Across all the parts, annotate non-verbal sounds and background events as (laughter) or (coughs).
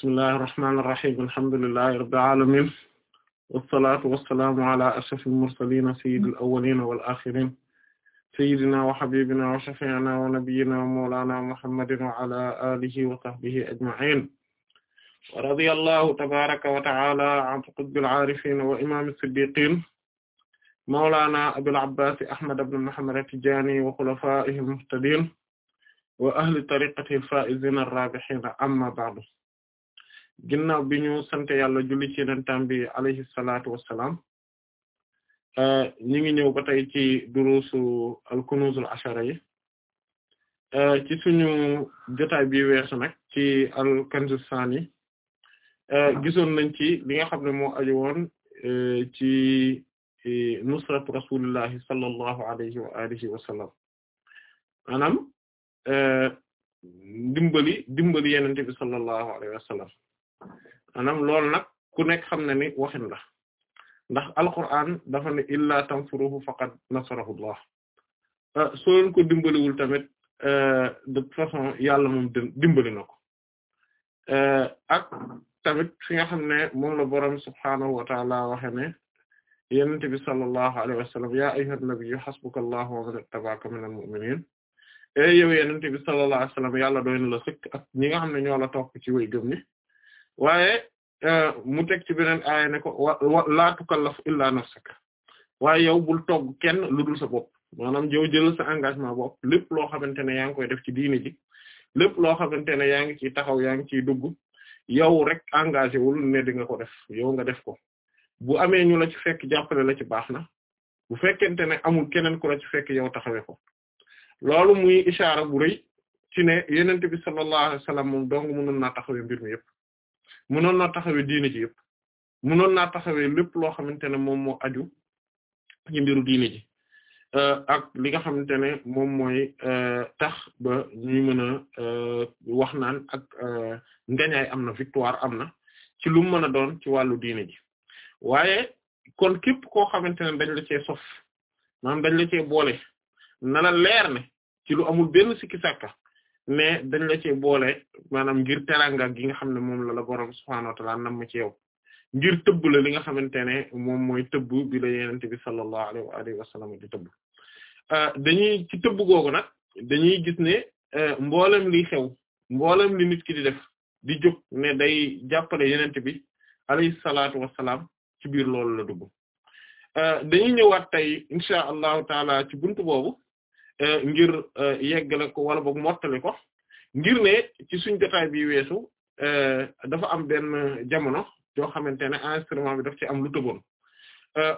bismillahi irrahmani irrahim alhamdulilahi rabbil alamin wassalatu wassalaamu ala ashrafil mursalin sayyidil awwalin wal akhirin sayyidina wa habibina wa shafi'ina wa nabiyyina wa mawlana muhammadin wa ala alihi wa sahbihi ajma'in wa radiyallahu tabaraka wa ta'ala an qutbil arifin wa imam as-siddiqin mawlana abil abbas ahmad ibn muhammad at-tijani wa khulafa'ihil muhtadin wa ahli tariqatihi al-fa'izin ar-rabihin amma ba'du ginnaaw bi ñu sant yàlla julli ci yenentam bi alayhi salaatu wassalaam euh, ñi ngi ñëw ba tey ci durusu al l ashara yi euh, ci suñu jotaay bi weesu nag ci al kanzus sani euh, gisoon nañ ci li nga xam ne moo aju woon ci nusratu rasulillahi sallallahu alayhi wa alihi wa sallam maanaam dimbali dimbali yenente bi alayhi wa anam loolu nag ku nekk xam na ni waxin la ndax alquran dafa ne ila tanfuruhu faqad nasarahu allah ah, soo leen ko dimbaliwul tamit eh, de toute façon yàlla dimbali na ko eh, ak tamit fi nga xam ne moom la borom subhaanahu wa taala waxe ne yonent bi sallallahu alayhi wa sallam ya ayyuhan nabiyyu hasbuka allahu wa man ittaba'aka minal mu'minin e eh, yow yonent bi sallallahu alayhi wa sallam yàlla doy na la sëkk ak ñi nga xam ne ñoo la topp ci way gëm ni waaye eh, mu teg ci beneen aaya ko wa laa tukallafu illaa nafsaka waaye yow bul toog kenn lu dul sa bopp maanaam yow jëlal sa engagement bopp lépp loo xamante ne yaa ngi koy def ci diini ji lépp loo xamante ne yaa ngi ciy taxaw yaa ngi ciy dugg yow rek engagé wul ne di ko def yow nga def ko bu amee ñu la ci fekk la ci baax na bu fekkente ne amul keneen ku la ci fekk yow taxawee ko loolu muy ishaara bu rëy ci ne yenente bi sallallahu alayhi wasallam moom dong mënoon naa taxawee mbir mi yëpp mënoon naa taxawee diine ci yëpp mënoon naa taxawee lépp loo xamante ne moom moo aju ci mbiru ji euh, ak li nga xamante ne moom mooy euh, tax ba ñu mën a euh, wax naan ak ngañaay am na victoire am na ci lu mën a doon ci wàllu diine ji waaye kon képp koo xamante ne dañ la sof maanaam dañ la cee boole na la leer ci lu amul benn sikki mais dañ la ci boole maanaam ngir teranga gi nga xam ne moom la la borom subhaanahu wa ta'ala nam ci yow ngir tëbb la li nga xamante ne moom mooy tëbb bi la yenente bi sallallahu alayhi wa alihi wa sallam di tëbb euh, dañuy ci tëbb googu nag dañuy gis ne euh, mboolem li xew mboolem li nit ki di def di jóg ne day jàppale yenente bi alayhi salaatu wassalaam ci biir loolu la dugg euh, dañuy ñëwaat tey insha allahu taala ci buntu boobu Euh, ngir euh, yeggale ko wala boog mottali ko ngir ne ci suñ jotaay bi weesu euh, dafa am benn jamono joo xamante ne instrument bi daf ci am lu tëboon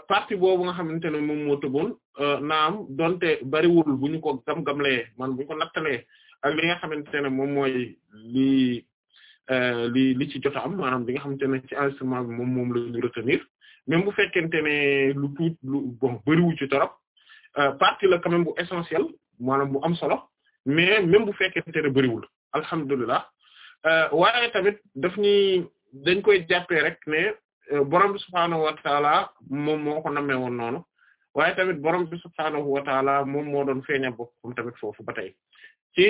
parti boobu nga xamante ne moom moo tëboon naam donte bariwul bu ko gam man bu ñu ak li nga xamante ne moom mooy li li li ci jot am maanaam li nga xamante ne ci instrument bi moom moom la ñu retenir même bu fekkente lu tuut lu bon bariwu ci torop Euh, partie la quand même bu essentiel maanaam bu am solo mais même bu fekkente ne bëriwul alhamdulilah euh, waaye tamit daf ñuy dañ koy jàppee rek ne euh, borom bi subhaanahu wa taala moom moo ko namee woon noonu waaye tamit borom bi subhaanahu wa taala moom moo doon feeñal boppam tamit foofu ba tey ci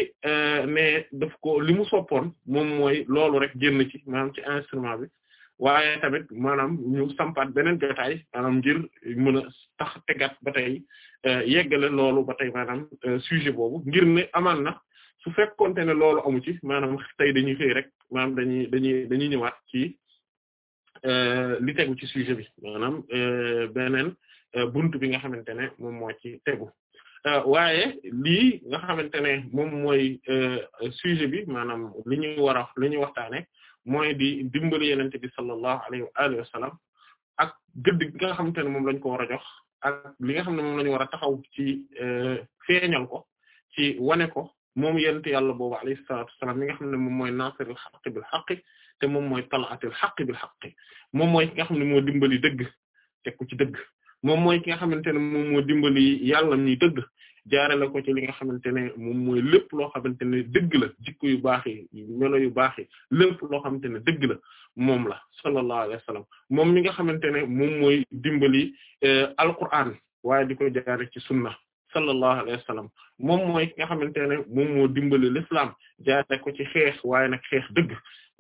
mais def ko li mu soppoon moom mooy loolu rek génn ci maanaam ci instrument bi waaye tamit maanaam ñu sampaat beneen jotaay maanaam ngir mën a tax tegaat ba tey euh, yeggale loolu ba tey maanaam euh, sujet boobu ngir ne amaan na su fekkonte ne loolu amu ci maanaam tey dañuy xëy rek maanaam dañuy dañuy dañuy ñëwaat ci euh, li tegu ci sujet bi maanaam beneen buntu bi nga xamante ne moom moo ci tegu lii nga xamante ne moom mooy sujet bi maanaam li ñuy war a li ñuy waxtaane mooy di dimbali yenente bi sallallahu alayhi wa alihi wa sallam ak gëdd gi nga xamante ne moom lañ ko war a jox li nga xam ne moom lañu war a taxaw ci euh, feeñal ko ci wane ko moom yenente yàlla boobu alayhi salatu wasalaam mi nga xam ne moom mooy nasirul xaqi bil xaqi te mom mooy talaatil xaqi bil xaqi moom mooy ki nga xam ne moo dimbali dëgg teg ci dëgg moom mooy ki nga xamante ne moom moo dimbali yàlla mi dëgg jaare ko ci li nga xamante ne moom mooy lépp loo xamante ne dëgg la jikko yu baax yi melo yu baax yi lépp loo xamante ne dëgg la moom la sallallahu alayhi moom mi nga xamante ne moom mooy dimbali eh, alquran waaye di ko jaare ci sunna sallallahu alayhi wa sallam moom mooy ki nga xamante ne moom moo dimbali l'islam jaare ko ci xeex waaye nag xeex dëgg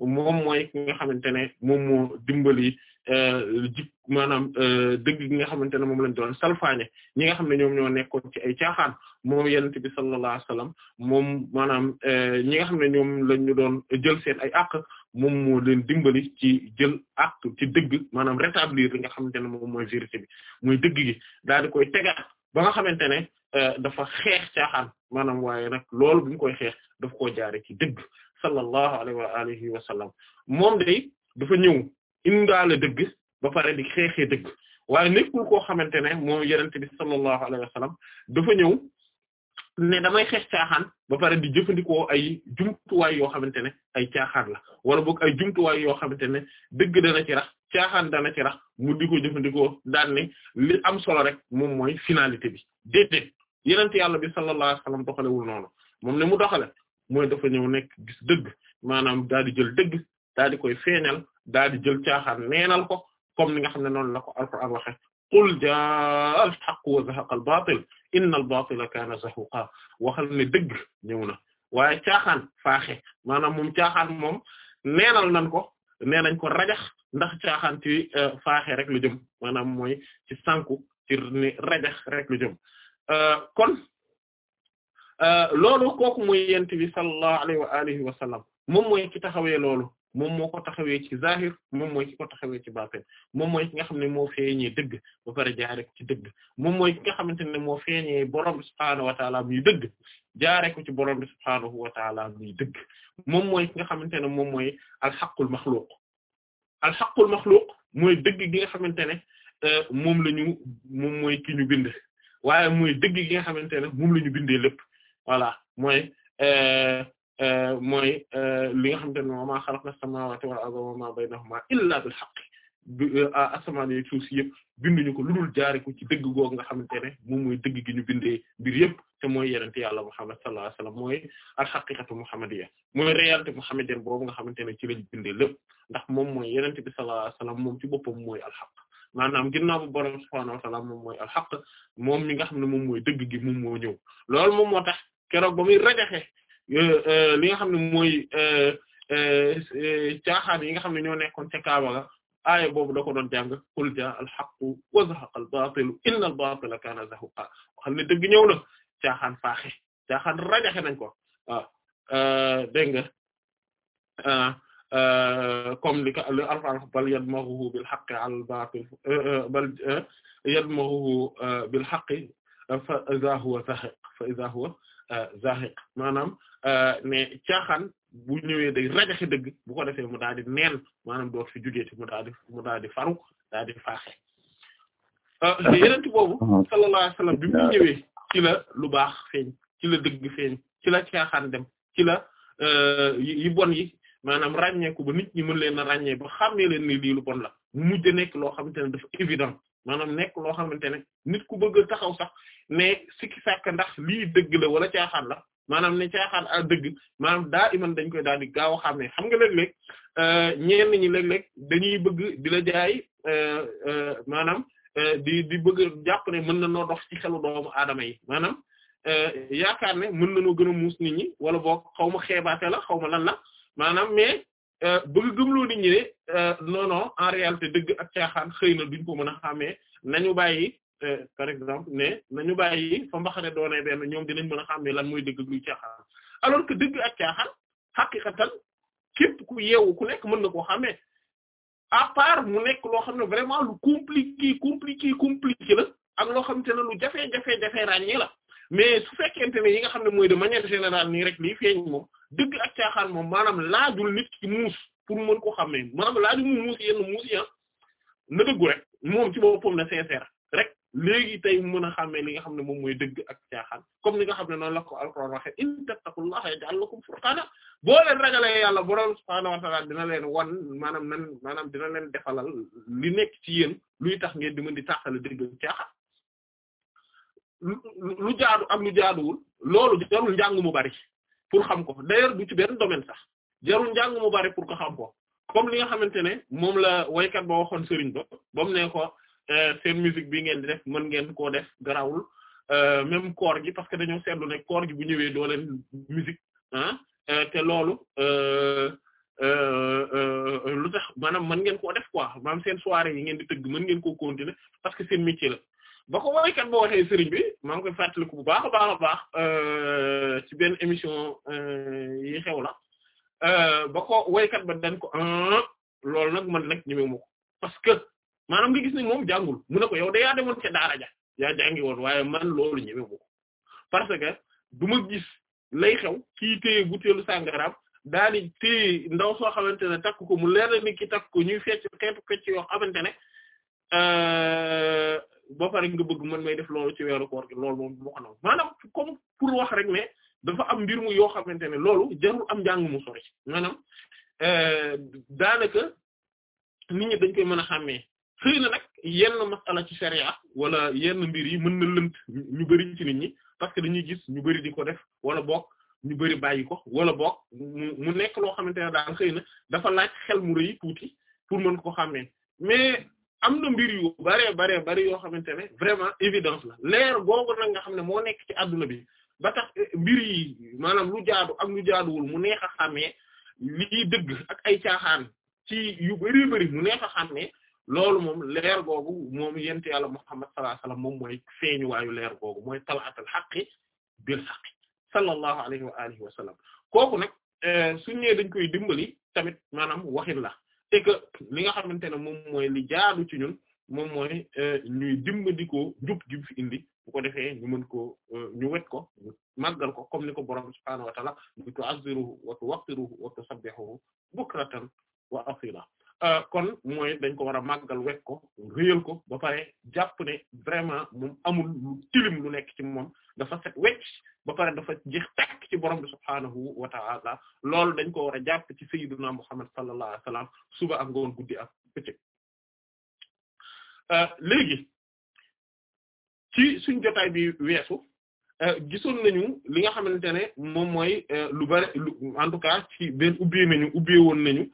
moom mooy ki nga xamante ne moom moo dimbali euh, jik maanaam euh, dëgg gi nga xamante ne moom lañ doon salfaañe ñi nga xam ne ñoom ñoo nekkoon ci ay caaxaan moom yenent bi sallallahu alayhi wasallam moom maanaam euh, ñi nga xam ne ñoom lañ ñu doon jël seen ay àq moom moo den dimbali ci jël àq ci dëgg maanaam rétablir li nga xamante ne moom mooy vérité muy dëgg gi daal di koy tegaat ba nga xamante ne dafa xeex caaxaan maanaam waaye nag loolu bu koy xeex daf koo jaare ci dëgg sallallahu alayhi wa alihi wa sallam moom day dafa ñëw indaale dëgg ba pare di xeexee dëgg waaye nekkul koo xamante ne moom yenente bi sallallahu alayhi wa sallam dafa ñëw ne damay xeex caaxaan ba pare di jëfandikoo ay jumtuwaay yoo xamante ne ay caaxaan la wala boog ay jumtuwaay yoo xamante ne dëgg dana ci rax caaxaan dana ci rax mu digg ko jëfandikoo daan ne li am solo rek moom mooy finalité bi déedéet yenent yàlla bi sallallahu alayhi wa sallam doxalewul noonu moom mu doxale mooy dafa ñëw nekk gis dëgg maanaam daal di jël dëgg daal di koy feeñal daal di jël caaxaan neenal ko comme ni nga xam ne noonu la ko alquran waxe qul jaa al haqq wa zahaqa al batil inna al batila kaana zahuqa waxal ne dëgg ñëw na waaye caaxaan faaxe maanaam moom caaxaan moom neenal nan ko nee nañ ko rajax ndax caaxaan ci euh, faaxe rek lu jëm maanaam mooy ci sanku ci rajax rek lu jëm euh, kon Euh, loolu kooku mooy yent bi sallallahu alayhi wa alihi wa sallam moom mooy ci taxawee loolu moom moo ko taxawee ci zahir moom mooy ki ko taxawee ci baatin moom mooy ki nga xam ne moo feeñee dëgg ba pare jaare ci dëgg moom mooy ki nga xamante ne moo feeñee borom bi subhaanahu wa taala muy dëgg jaare ko ci borom bi subhaanahu wa taala muy dëgg moom mooy ki nga xamante ne moom mooy alxaqul maxluuq alxaqul maxluuq mooy dëgg gi nga xamante ne euh, moom la ñu moom mooy ki ñu bind waaye mooy dëgg gi nga xamante ne moom la ñu bindee lépp voilà mooy euh, euh, mooy euh, li nga xam ne maa xalaqna samaawaati wal arda wa maa baynahumaa illaa bil haqqi asamaan yooyu suuf si yëpp ñu ko lu dul jaaree ko ci dëgg googu nga xam ne moom mooy dëgg gi ñu binde mbir yëpp te mooy yenente yàlla Muhammad sallallahu alayhi wasallam mooy al haqiqatu muhammadiyya mooy réalité muhammadienne boobu nga xamante ne ci lañ bindee lépp ndax moom mooy yenente bi sallallahu alayhi wasallam moom boppam mooy al maanaam ginnaaw bu borom subhaanahu wa moom mooy al haqq moom mi nga xam ne moom mooy dëgg gi moom moo ñëw loolu moom moo tax. keroog ba muy rajaxe euh, li nga xam ne mooy euh, euh, caaxaan yi nga xam ne ñoo nekkoon ca Kaaba ga aaya boobu da ko doon jàng qul jaa al haqqu wa zahaqa al baatilu inna al baatila kaana zahuqa xam ne dëgg ñëw na caaxaan faaxe caaxaan nañ ko waaw dégg nga comme li ko li alfa bal yadmaghuhu bil haqqi al bal yadmaghuhu bil haqqi fa idha huwa zahiq fa idha huwa Euh, zahiq maanaam euh, ne caaxaan bu ñëwee day rajaxe dëgg bu ko defee mu daal di neen maanaam doot fi jugeeti mu daal di mu daal di faru daal di faaxe te euh, yenent boobu sallallahu alayhi wasallam bi mu ñëwee ci la lu baax feeñ ci la dëgg feeñ ci la caaxaan dem ci la yi bon yi maanaam ràññeeku ba nit ñi mën leen a ràññee ba xàmmee leen ni lii bon la mu mujj nekk loo xamante ne dafa évident maanaam nekk loo xamante ne nit ku bëgg taxaw sax ne sikki ndax lii dëgg la wala caaxaan la maanaam ne caaxaan a dëgg maanaam daa iman dañ koy daal di gaaw a xam ne xam nga léeg-léeg euh, ñenn ñi léeg-léeg dañuy bëgg di la jaay euh, euh, maanaam di di bëgg jàpp ne mën na noo dox ci xelu doomu aadama yi maanaam yaakaar ne mën na noo gën a muus nit ñi wala boog xaw ma xeebaate la xaw ma lan la maanaam mais Euh, bëgg gëmloo nit ñi ne euh, non non en réalité dëgg ak caaxaan xëy na duñ ko mën a xàmmee nañu bàyyi euh, par exemple ne nañu bàyyi fa mbaxane doonee benn ñoom dinañ mën a xàmmee lan mooy dëgg ak luy caaxaan alors que dëgg ak caaxaan xaqiqatan képp ku yeewu ku nekk mën na koo xame a part mu nekk loo xam ne vraiment lu compliqué compliqué la ak loo xam te lu jafe-jafe jafe ràññee la mais su fekkente ne yi nga xam ne mooy de manière générale nii rek lii feeñ moom dëgg ak caaxaan moom maanaam laajul nit ki muus pour mën ko xamee maanaam laajul mu muus ah dëggu rek moom ci boppam na sincère rek léegi tey mën a xàmmee li nga xam ne moom mooy dëgg ak caaxaan comme ni nga xam ne noonu la ko alxuraan waxe in tattaqullaha yaj'al lakum furqana boo raga ragalee yàlla boroom subhaanahu wa dina leen wan maanaam nan maanaam dina leen defalal li nekk ci yéen luy tax ngeen di mën di tàqale dëgg ak lu lu jaadu am lu jaaduwul loolu jarul njàng mu bari pour xam ko d'ailleurs du ci benn domaine sax jarul njàng mu bari pour ko xam ko comme li nga xamante ne moom la waykat ba waxoon Serigne Ba ba mu ne ko eh, seen musique bi ngeen di def mën ngeen koo def garawul eh, même koor gi parce que dañoo seetlu ne koor gi bu ñëwee doo leen musique ah eh, te loolu lu tax maanaam mën ngeen koo def quoi maanaam seen soirée yi ngeen di tëgg mën ngeen koo continuer parce que seen métier la ba ko woykat boo waxee sëriñ bi maa ngi koy fàttaliku bu baax a baax a baax euh, ci benn émission euh, xew la euh, ba ko woykat dañ ko ah, loolu nag man nag ñemewuma ko parce que maanaam nga gis ne moom jàngul mu ne ko yow de yaa demoon ca daara ja yaa jàngi woon waaye man loolu ñemewuma ko parce que du ma gis lay xew kii téye butéelu sàngaraam daal di téye ndaw soo xamante ne takk ko mu leer na ki takk ko ñuy fecc xeetu fecc yoo xamante ne. ba pare nga bëgg man may def loolu ci weeru koor gi loolu moom du ma ko comme pour wax rek ne dafa am mbir mu yoo xamante ne loolu jarul am njàng mu sori maanaam euh, daanaka nit ñi dañ koy mën a xàmmee xëy na yen yenn masala ci sharia wala yenn mbir yi mën na lënt ñu bari ci nit ñi parce que dañuy gis ñu bëri di ko def wala bokk ñu bari bàyyi ko wala bokk mu nekk loo xamante ne daal xëy na dafa laaj xel mu rëy tuuti pour mën ko xàmmee mais am na mbir yu bare bare bari yoo xamante ne vraiment évidence la leer googu nag nga xam ne moo nekk ci àdduna bi ba tax mbir yi maanaam lu jaadu ak lu jaaduwul mu neex a xàmmee li caaxaan ci yu bari mu neex xam ne loolu moom leer googu moom yent yàlla Muhammad sallallahu alayhi wasallam moom mooy feeñuwaayu leer googu mooy talaatal xaqi bil xaqi sallallahu alayhi wa alihi wa sallam kooku nag euh, suñu dañ koy dimbali tamit maanaam waxin la et que li nga xamante ne moom mooy li jaadu ci ñun moom mooy euh, ñuy dimbali ko jub gi fi indi bu ko defee ñu mën ko euh, ñu wet ko màggal ko comme ni ko borom subhaanahu wa ta'ala ñu tu'azziruhu wa tuwaqqiruhu wa tusabbihuhu bukratan wa asila euh, kon mooy dañ ko war a màggal wet ko réyal ko ba pare jàpp ne vraiment moom amul lu tilim lu nekk ci moom dafa set wecc ba pare dafa jeex tàkk ci borom bi subhaanahu wa ta'ala loolu dañ ko war a jàpp ci sayyiduna Muhammad sallallahu alayhi wa sallam suba ak ngoon guddi ak bëccëg euh, léegi ci suñ jotaay bi weesu euh, gisoon nañu li nga xamante ne moom mooy euh, lu bari lu en tout cas ci benn ubbee nañu ubbee woon nañu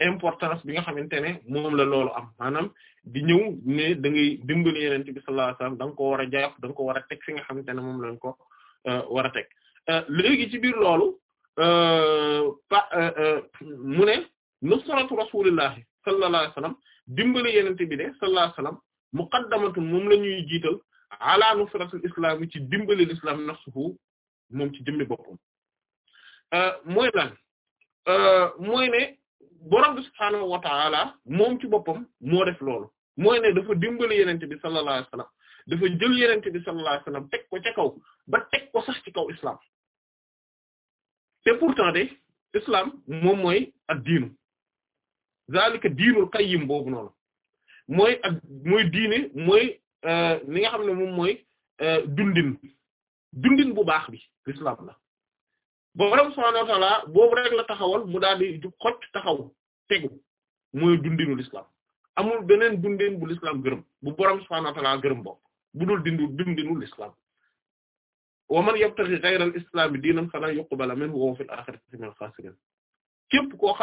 importance bi nga xamante ne moom la loolu am maanaam di ñëw ne da ngay dimbali yenente bi sallallahu alayhi wasallam war a jàpp da ko war a teg fi nga xamante ne moom lañ ko euh, war a teg euh, léegi ci loolu euh, mu ne nusratu rasulillahi sallallahu alayhi dimbali yeneen bi de sallallahu alayhi wasallam moom lañuy ñuy jiital ala nusratul ci dimbali l'islam nafsuhu moom ci jëmmi boppam mooy lan mooy ne borom bi subhaanahu wa moom ci boppam moo def loolu mooy ne dafa dimbali yenente bi sallallahu alayhi wasallam dafa jël yenente bi sallallahu alayhi wasallam teg ko ca ba teg ko sax ci kaw islam te pourtant de islam moom mooy ak diinu zalika diinul qayyim boobu noonu mooy ak mooy diine mooy euh, li nga xam ne moom mooy euh, dundin dundin bu baax bi l'islam la borom subhaanahu wa ta'aala boobu rek la taxawal mu daal di jub xocc taxaw tegu mooy dundinu l'islam amul beneen dundeen bu l'islam gërëm bu borom subhaanahu wa ta'aala gërëm bokk bu dul dindu dundinu l'islam wa man yabtaghi ghayra al-islaami diinan falaa yuqbala minhu wa huwa fil aaxirati minal xaasiriin képp koo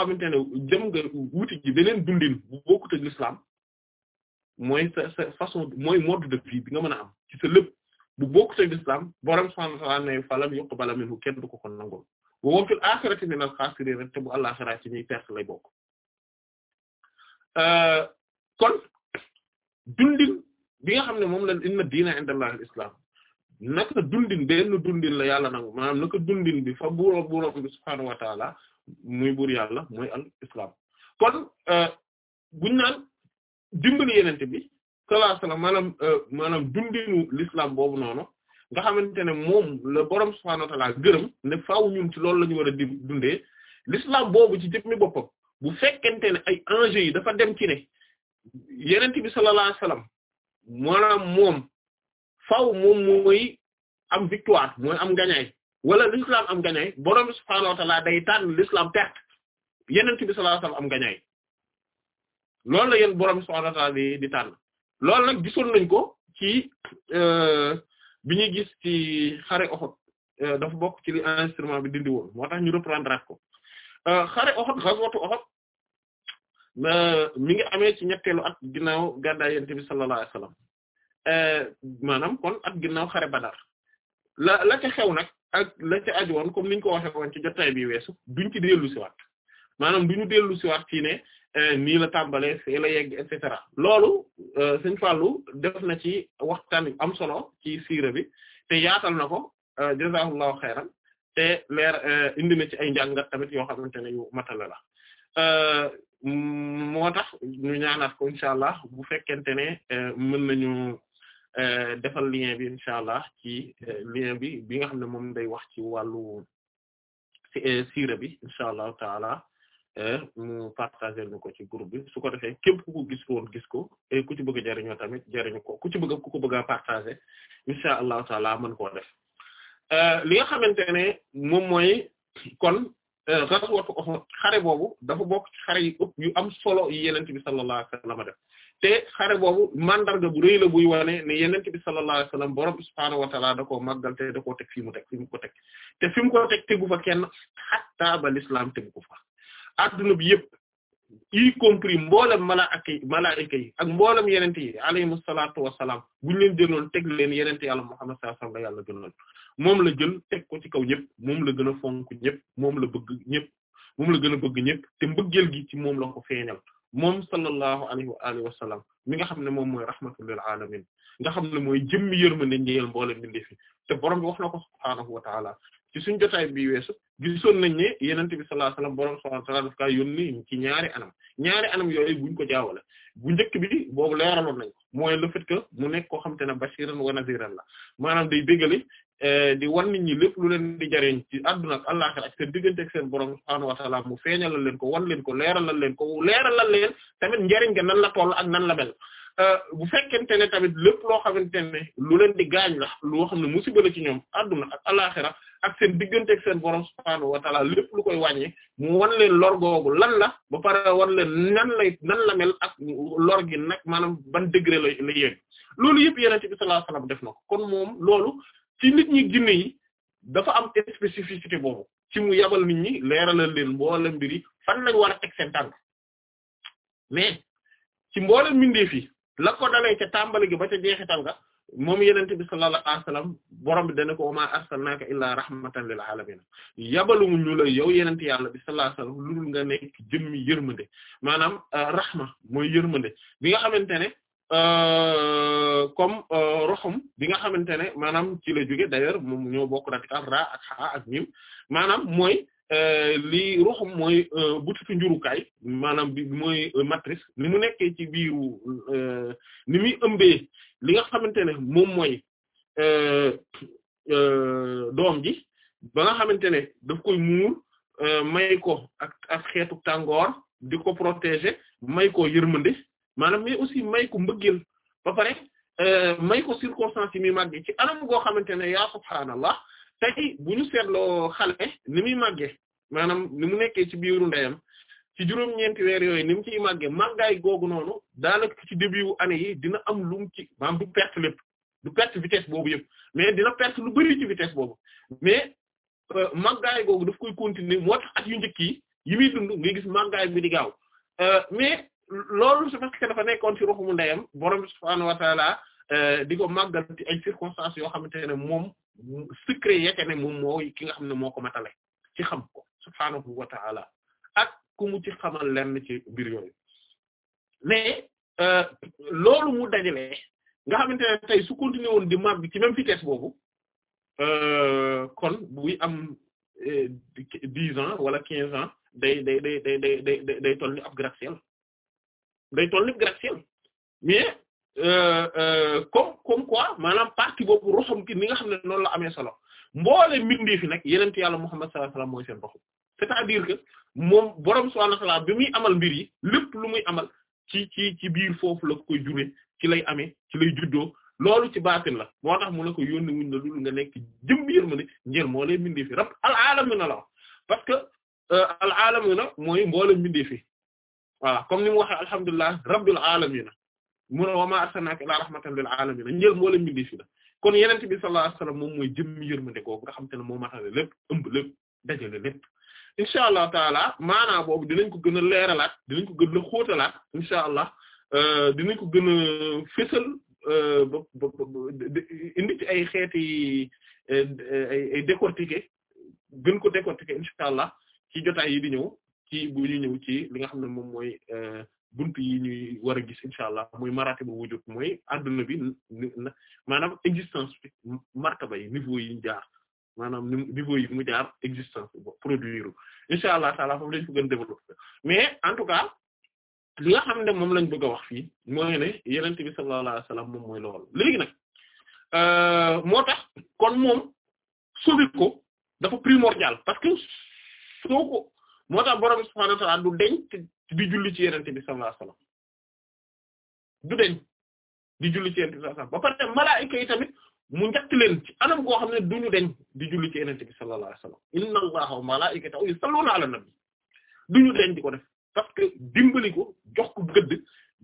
mën am ci sa lépp bu bokkut ak l'islam borom subhaanahu wa kenn du ko kon nangul wa te bu àllaaxira ci ñuy perte lay bokk. Euh, kon dundin bi nga xam ne moom la inna diina indallahi al-islam naka dundin benn dundin la yàlla nangu maanaam naka dundin bi fa buuroo buuroo bi subhaanahu wa taala muy buur yàlla mooy al islam kon euh, buñ naan dimbali yenente bi sallallahu alayhi maanaam euh, maanaam dundinu l'islam boobu noonu nga xamante ne moom la borom subhaanahu wa gërëm ne faw ñun ci loolu la ñu war a di dundee l'islam boobu ci jëmmi boppam bu fekkente ne ay enjeux yi dafa dem ci ne yeneen bi sallallahu alayhi wasallam moom faw moom mooy am victoire mooy am gañaay wala l'islam am gañaay borom bi subhaanahu wa ta'ala day tànn l'islam perte yenent bi sallallahu alayhi am gañaay loolu la yéen borom bi di di lool na nag gisoon ko ci euh, bi ñuy gis ci xare Uhud euh, dafa bokk ci li instrument bi dindi woon moo tax ñu reprendre ko euh, xare Uhud ghazwatu Uhud mi ngi amee ci ñetteelu at ginnaaw gàddaay yonent bi sallallahu alayhi wasallam eh, maanaam kon at ginnaaw xare Badar la la xew nag ak la ca aju woon comme niñ ko waxee woon ci jotaay bi weesu duñ ci dellu si waat maanaam duñu dellu si waat ci ne eh, nii la tàmbalee fii la yegg et cetera loolu eh, sëñ Fallou def na ci waxtaan yu am solo ci siira bi te yaatal na ko jazaahullahu xayran te leer indi na ci ay njàngat tamit yoo xamante ne yu matale la moo tax ñu ñaanaat ko incha allah bu fekkente ne euh, mën nañu euh, defal lien bi incha allah ci euh, lien bi bi nga xam ne moom day wax ci wàllu siira bi incha allahu taala mu partagé ñu ko ci groupe bi su ko defee képp ku ko gis woon gis ko ku ci bëgg a tamit jariñu ko ku ci bëgg ku ko bëgg a partagé incha allahu taala mën ko def li nga xamante ne moom mooy kon ghazwatu euh, Uhud xare boobu dafa bokk ci xare yi ëpp yu am solo yi yonent bi sallallahu alayhi def te xare boobu mandarga bu rëy la buy wane ne yonent bi sallallahu alayhi wa sallam borom subhaanahu wa ta'ala da koo màggal te da teg fi mu teg fi mu ko teg te fi mu ko teg tegu fa kenn hatta ba l'islam tegu ko fa adduna bi yëpp y compris mboolem malaaka yi malaaka yi ak mboolem yonent yi alayhimu salaatu wa salaam buñ leen jëloon teg leen yonent yàlla Muhammad sallallahu alayhi wa sallam la yàlla moom la jël teg ko ci kaw ñëpp moom la gën a fonk ñëpp moom la bëgg ñëpp moom la gën a bëgg ñëpp te mbëggeel gi ci moom la ko feeñal moom sallallahu alayhi wa alihi wa sallam mi nga xam ne moom mooy rahmatul lil alamin nga xam ne mooy jëmm yërmande ñeel mboolem bindee fi te borom bi wax ko subhaanahu wa taala ci suñ jotaay bi weesu gisoon nañ ne yenent bi sallallahu alayhi wa sallam borom subhaanahu ka taala daf kaa yónni ci ñaari anam ñaari anam yooyu buñ ko jaawale bu njëkk bi boobu leeraloon nañ mooy le fait mu nekk koo xam te ne bashiran wa nadhiran la maanaam day déggale Eh, di wan nit ñi lépp lu leen di jariñ ci àdduna ak àllaxira ak seen diggante ak seen borom subhaanahu wa ta'ala mu feeñalal leen ko wan leen ko leeralal leen ko leeralal leen tamit njariñ ga nan la toll ak nan la mel eh, bu fekkente ne tamit lépp loo xamante ne lu leen di gaañ la loo xam ne musiba la ci ñoom àdduna ak àllaxira ak seen diggante ak seen borom subhaanahu wa ta'ala lépp lu koy wàññi mu wan leen lor googu lan la ba pare wan leen nan lay nan la mel ak lor gi nag maanaam ban degré la la loolu yëpp yonent bi ci nit ñi jinne yi dafa am spécificité boobu ci mu yabal nit ñi leeralal leen mboolem mbir yi fan lañ war a teg seen tànk mais ci mboolem mi yi la ko ca tàmbali gi ba ca jeexital nga moom yenente bi sallallahu alayhi wasallam borom bi dana ko wama arsalnaka illaa rahmatan lil alamin yabalumu ñu la yow yenent yàlla bi sallallahu alayhi wasallam lu dul nga nekk jëmmi yërmande maanaam euh, rahma mooy yërmande bi nga xamante ne Euh, comme euh, roxum bi nga xamante ne maanaam ci la jóge d'ailleurs moom ñoo bokk radical ra ak ak mim maanaam mooy euh, lii roxum mooy butitu njurukaay maanaam bi mooy matrice ni mu nekkee ci biiru ni muy ëmbee li nga xamante ne moom mooy doom ji ba nga xamante ne daf koy muur may ko ak ak xeetu tàngoor di ko protéger may ko yërmande maanaam mais aussi may ko mbëggeel ba pare euh, may ko circonstance yi muy màggee ci anam goo xamante ne yaa subhaanallah tey bu ñu seetloo xale ni muy màggee maanaam ni mu nekkee ci biiru ndeyam ci juróom-ñeenti weer yooyu ni mu ciy màggee màggaay googu noonu daanaka ci début wu année yi dina am lu mu ci maanaam du perte lépp du perte vitesse boobu yëpp mais dina perte lu bari ci vitesse boobu mais euh, màggaay googu daf koy continuer moo tax at yu njëkk yi yi muy dund ngay gis màggaay bi di gaaw euh, loolu c'est parce que dafa nekkoon ci ruxumu ndeyam borom subhaanahu wa taala euh, di ko màggal ci ay circonstances yoo xamante ne moom secret yete ne moom mooy ki nga xam ne moo ko matale ci xam ko subhaanahu wa taala ak ku ci ci xamal lenn ci mbir yooyu mais euh, loolu mu dajale nga xamante ne tey su continuer woon di màgg ci même vitesse boobu euh, kon buy am dix wala quinze ans day day day day ni ab gratte-ciel day toll ni gratte-ciel mais euh, euh, comme comme quoi maanaam parti boobu roxam ki ni nga xam ne noonu la amee solo mboole mbindee fi nag yeneen ci yàlla Muhammad sallallahu alayhi wasallam mooy seen roxam c'est-à-dire moom borom subhanahu wa ta'ala bi muy amal mbir yi lépp lu muy amal ci ci ci biir foofu la koy jure ci lay amee ci lay juddoo loolu ci baatin la moo tax mu ne ko yónni wuñ la dul nga nekk jëm ma ne njër moo lay mbindee fi rab al alamina la parce que al euh, alamina mooy mboole mbindee fi voilà comme ni mu waxee alhamdulilah rabbil alamin mu ne wa ma arsalnaka illa rahmatan lil alamin njël moo leen bindi fi la kon yenent bi sallallahu alayhi wasallam moom mooy jëmmi yërmande googu nga xam te ne moo matale lépp ëmb lépp dajale lépp incha allah taala maanaa boobu dinañ ko gën a leeralaat dinañ ko gën a xóotalaat incha allah euh, dinañ ko gën a fésal euh, ba ba indi ay xeeti euh, décortiquer gën ko décortiquer incha allah ci jotaay yi di ñëw ci bu ñu ñëw ci li nga xam ne moom mooy euh, buntu yi ñuy war a gis incha allah muy maraate bu wujud mooy adduna bi maanaam existence bi martaba yi niveau yi ñu jaar maanaam niveau yi mu jaar existence bi produire incha allah taala foofu lañ ko gën développer mais en tout cas li nga xam ne moom lañ bëgg a wax fii mooy ne yenent bi sallallahu alayhi wa sallam moom mooy loolu léegi nag euh, moo tax kon moom sori ko dafa primordial parce que soo ko moo tax borom subhaanahu wa du deñ di julli ci yenente bi sallallahu alayhi wasallam du deñ di julli ci yenente bi sallallahu alayhi wasallam ba yi tamit mu njëkk leen anam goo xam ne duñu deñ di julli ci yenente bi sallallahu alayhi wasallam inna allaha wa malaa'ikatahu yusalluuna 'alan nabi di ko def parce que dimbali ko jox ko gëdd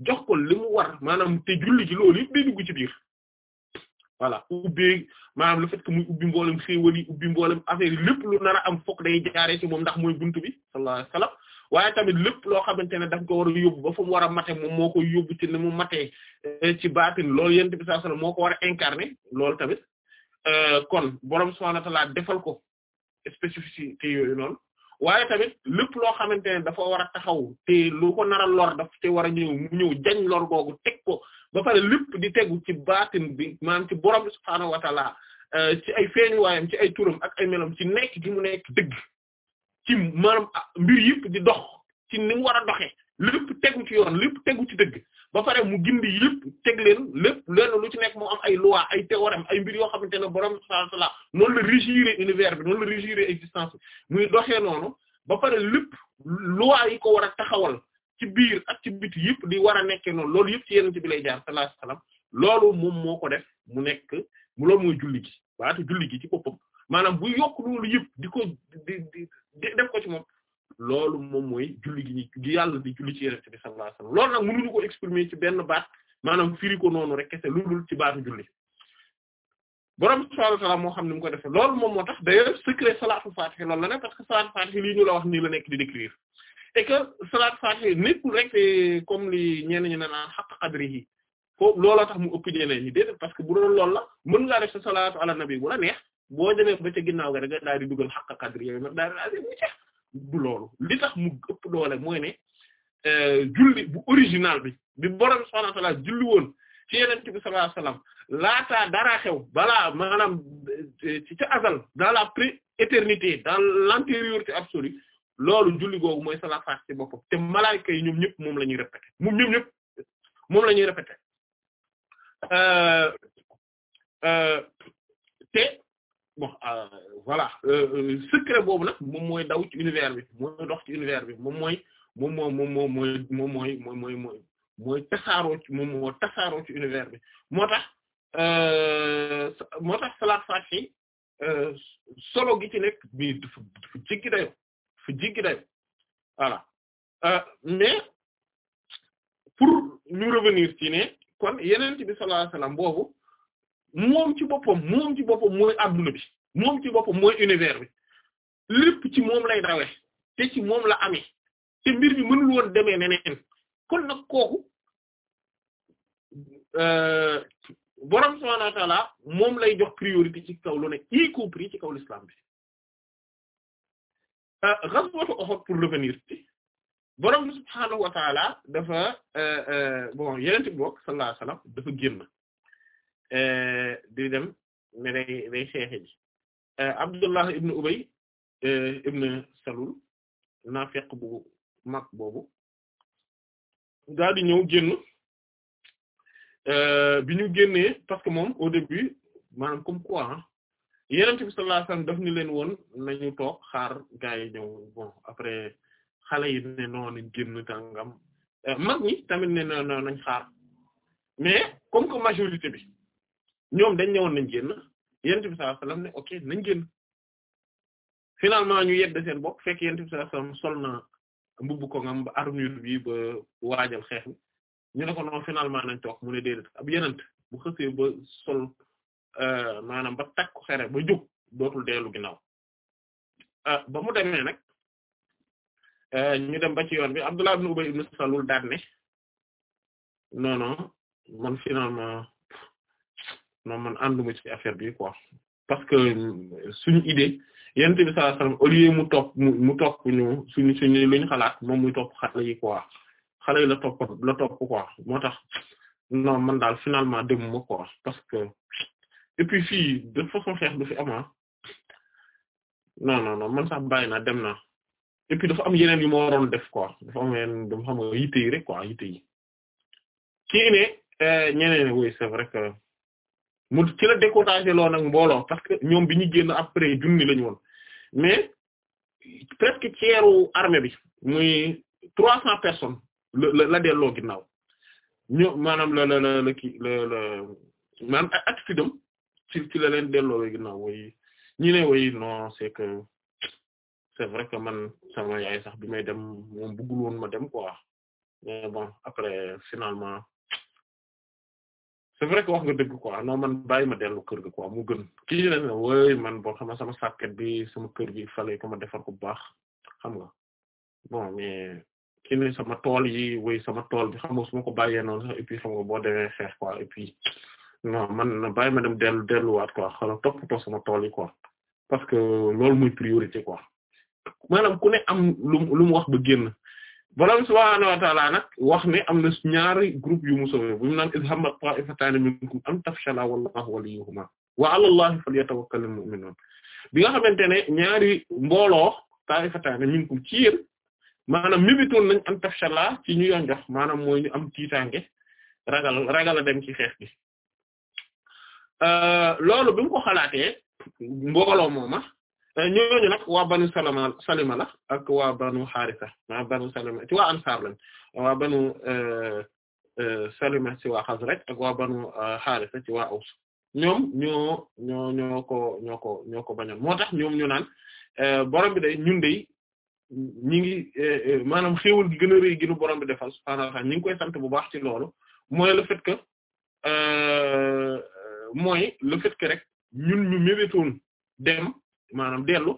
jox ko li mu war maanaam te julli ci loolu yëpp day ci biir voilà ubbi maanaam le fait que muy ubbi mboolem xéewal yi ubbi mboolem affaire yi lépp lu am fokk day jaaree ci moom ndax mooy buntu bi sallallahu alayhi waaye tamit lépp loo xamante ne daf ko war a yóbbu ba fu mu war a mate moom moo koy yóbbu ci ne mu matee eh, ci baatin loolu yent bi sallallahu alayhi wasallam moo ko war a incarner loolu tamit eh, kon borom subhanahu wa ta'ala defal ko spécificité yooyu noonu waaye tamit lépp loo xamante ne dafa war a taxaw te lu ko lor daf te war a ñëw mu ñëw jañ lor googu teg ko ba pare lépp di tegu ci baatin bi maanaam ci borom bi subhaanahu wa euh, ci ay feeñuwaayam ci ay turam ak ay melam ci nekk gi mu nekk dëgg ci maanaam ah, mbir yëpp di dox ci ni mu war a doxee lépp tegu ci yoon lépp tegu ci dëgg ba pare mu gindi yëpp teg leen lépp leen lu ci nekk moo am ay loi ay théorème ay mbir yoo xamante ne borom subhaanahu wa ta'ala noonu la régir univers bi noonu la régir existence bi muy doxee noonu ba pare lépp loi yi ko war a taxawal ci biir ak ci biti yëpp di war a nekke noonu loolu yëpp ci yenente bi lay jaar sallallahu alayhi wasallam loolu moom moo ko def mu nekk mu loolu mooy julli gi ci boppam maanaam bu loolu yëpp di ko di moom mooy julli gi yàlla di ci yenente bi sallallahu alayhi wasallam ko exprimer ci benn baat maanaam firi noonu rek kese ci baatu julli borom subhaanahu wa moo xam ni mu ko defee loolu moom moo tax d'ailleurs secret salaatul faatihi loolu la ne parce que salaatul faatihi lii ñu la wax nii la nekk di décrire et que salaat fatiha nekkul rek eh, comme li ñenn ñi ne naan xaq xadri yi tax mu ëpp ñeneen ñi déedéet parce que bu doon la mën ngaa def sa salaatu ala la neex bo demee ba ca ginnaaw ga rek daal di dugal xaq xadri yooyu nag daal di mu loolu li tax mu ëpp doole mooy ne eh, julli bu original bi bi borom subhaanahu wa ta'aala julli woon ci yeneen bi sallallahu alayhi wasallam dara xew balaa maanaam eh, ci ca azal dans la prééternité dans l'antériorité absolue loolu julli googu mooy salaat faat ci boppam te malaayka yi ñoom ñëpp moom la ñuy répété moom ñoom ñëpp moom la ñuy répété euh, euh, te bon euh, voilà secret boobu nag moom mooy daw ci univers bi mooy dox bi moom mooy moom mooy moom mooy mooy mooy mooy mooy ci univers bi moo tax moo tax salaat solo gi ci nekk bi dayo fu jiggi day voilà euh, mais pour ñu revenir ci ne kon yeneen bi sallallahu alayhi wasallam boobu moom ci boppam moom ci boppam mooy adduna bi moom ci boppam mooy univers bi lépp ci moom lay dawe te ci moom la amee te mbir bi mënul woon demee neneen kon nag kooku euh, borom subhaanahu wa moom lay jox priorité ci kaw lu ne compris ci kaw l'islam bi Euh, revenir ci borom bi wa taala dafa euh, euh, bon yeneen bokk sallallahu alayhi dafa génn di dem ne day day xeexe ji Abdullah Ubay ibn Salul naafiq bu mag boobu daal di ñëw génn bi ñu génnee parce que moom au début maanaam comme quoi yonent bi sallallahu daf ñu leen woon nañu toog xaar gaa yi bon après xale yi ne noonu génn tàngam euh, mag ñi tamit ne noonu nañ xaar mais comme que majorité bi ñoom dañ ñëwoon nañ génn yonent bi sallallahu alayhi wasallam ne ok nañ génn finalement ñu yedd seen bopp fekk yonent bi sallallahu alayhi ko ngam ba armure bi ba waajal xeex bi ñu ne finalement nañ toog mu ne déedéet ab yenent bu xësee ba sol Euh, maanaam ba takk xere ba jóg dootul dellu ginnaaw euh, ba mu demee nag euh, ñu dem ba ci yoon bi Abdullah ibn Ubay ibn Salul daat ne non man finalement non man ànduma ci affaire bi quoi parce que suñu idée yent bi sallallahu alayhi mu topp ñu suñu suñu luñ xalaat moom muy topp xale yi quoi xale yi la topp la moo tax non man daal finalement demuma quoi parce que et puis fii de façon xeex du fi ama ah. non non non man sax bàyyi naa dem na et puis dafa am yeneen yu ma waroon def quoi dafa am yeneen dama xam nga rek quoi yitte yi ne eh, ñeneen oui c'est vrai que mu ci la découragé loo nag mbooloo parce que ñoom bi ñu génn après junni lañu woon mais presque ceeru armée bi muy trois cents personnes la la delloo ginnaaw ñoo maanaam la la la la kii la la ci ci la leen delloo ginnaaw woy ñi woy non c'est que c'est vrai que man sama yaay sax bi may dem moom bëggul woon ma dem quoi mais bon après finalement c'est vrai que wax nga dëgg quoi non man bàyyi ma dellu kër ga quoi mu gën kii ne man boo xam sama sàkket bi sama kër gi fale ko ma defar ko bu baax xam nga bon mais ki ne sama tool yi woy sama tool bi xam nga su ko bàyyee noonu sax et puis xam nga boo demee xeex quoi et puis non man bàyyi ma dem dellu delluwaat quoi xala toppatoo sama tool yi quoi parce que loolu muy priorité quoi maanaam ku ne am lu lu mu wax ba génn borom subhaanahu wa ta'aala nag wax ne am na ñaari groupe yu mu sauvé bu ñu naan iz hammat taa'ifataani minkum an tafshala wallaahu waliyuhumaa wa 'alaa Allaahi falyatawakkalil mu'minuun bi nga xamante ne ñaari mbooloo taa'ifataani minkum ci yéen maanaam mibitoon nañ an tafshala ci ñu yoon jox maanaam mooy ñu am tiitaange ragal ragal a dem ci xeex gi Euh, loolu bi mu ko xalaatee mbooloo mooma euh, ñooñu nag waa banu salima la ak waa banu xaarisa waa banu salima ci waa ansaar lañ banu euh, salima ci waa xasraj ak waa banu xaarisa ci waa aws ñoom ñoo ñoo ko ñoo ko tax ñoom ñu naan borom bi day ñun de ñi ngi maanaam xéewal gi gën a rëy gi koy sant bu baax ci loolu mooy le fait que mooy le fait que rek ñun ñu mébétoon dem maanaam dellu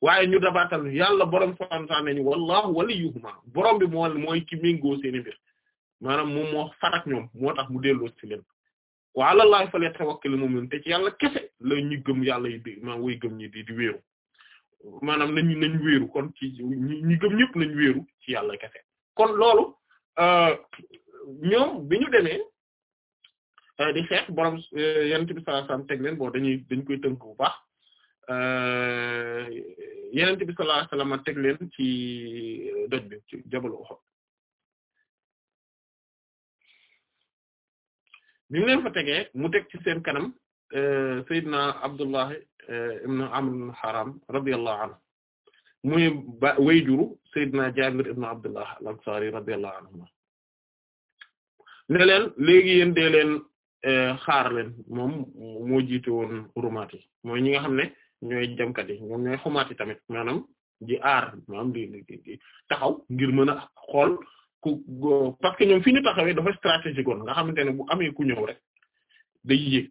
waaye ñu dabaatal yàlla borom subhaanahu wa ta'aala ñu wallahu waliyuhuma borom bi moo mooy ki méngoo seeni mbir maanaam moom moo farak ñoom moo tax mu delloo ci leen wa 'ala llaahi falyatawakkalil mu'minuun te ci yàlla kese la ñu gëm yàlla yi di maanaam way gëm ñi di di wéeru maanaam nañ nañ wéeru kon ci ñi gëm ñëpp nañ wéeru ci yàlla kese kon loolu euh, ñoom bi ñu demee Euh, di xeex borom euh, yonent bi sallallahu teg leen bon dañuy dañ koy tënk bu baax euh, yonent bi sallallahu alayhi teg leen ci doj bi ci jabalu Uhud bi mu leen fa mu teg ci seen kanam Seydina Abdullahi ibn Amr Haram radiyallahu anhu muy ba wayjuru Seydina Jaabir ibn Abdullah al-Ansari radiyallahu anhu ne leen léegi yéen dee leen xaar leen moom moo jiite woon rumaat yi mooy ñi nga xam ne ñooy jamkat yi ñoom ñooy xumaat yi tamit maanaam di aar maanaam di di taxaw ngir mën a xool ku parce que ñoom fi ñu taxawee dafa stratégique woon nga xamante ne bu amee ku ñëw rek day yéeg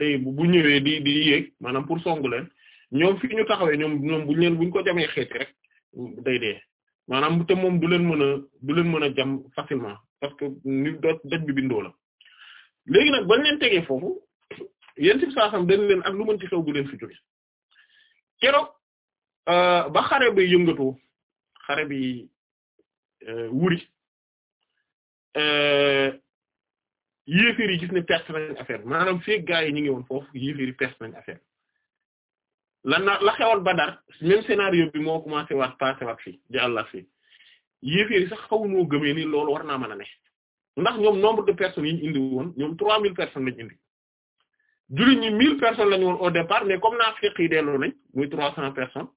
day bu ñëwee di di yéeg maanaam pour songu leen ñoom fi ñu taxawee ñoom ñoom buñ leen buñ ko jamee xeeti rek day dee maanaam te moom du leen mën a du leen mën a jam facilement parce que ni doj doj bi bindoo la léegi nag ba leen tegee foofu yéen ci saasam dañ leen ak lu mën ci gu bu leen fi jóge keroog euh, ba xare bi yëngatoo xare bi euh, wuri euh, yéeféer yi gis ne perte nañ affaire maanaam feeg gaa yi ñu ngi woon foofu yéeféer yi perte nañ affaire lan la xewal Badar même scénario bi moo commencé waat passé waat fii di àllar fii yéeféer sax xaw noo gëmee ni loolu war naa mën a ne ndax ñoom nombre de personnes yi ñu indi woon ñoom 3000 personnes lañu indi jullit ñi 1000 personnes lañu woon au départ mais comme naafiq yi delloo nañ muy 300 personnes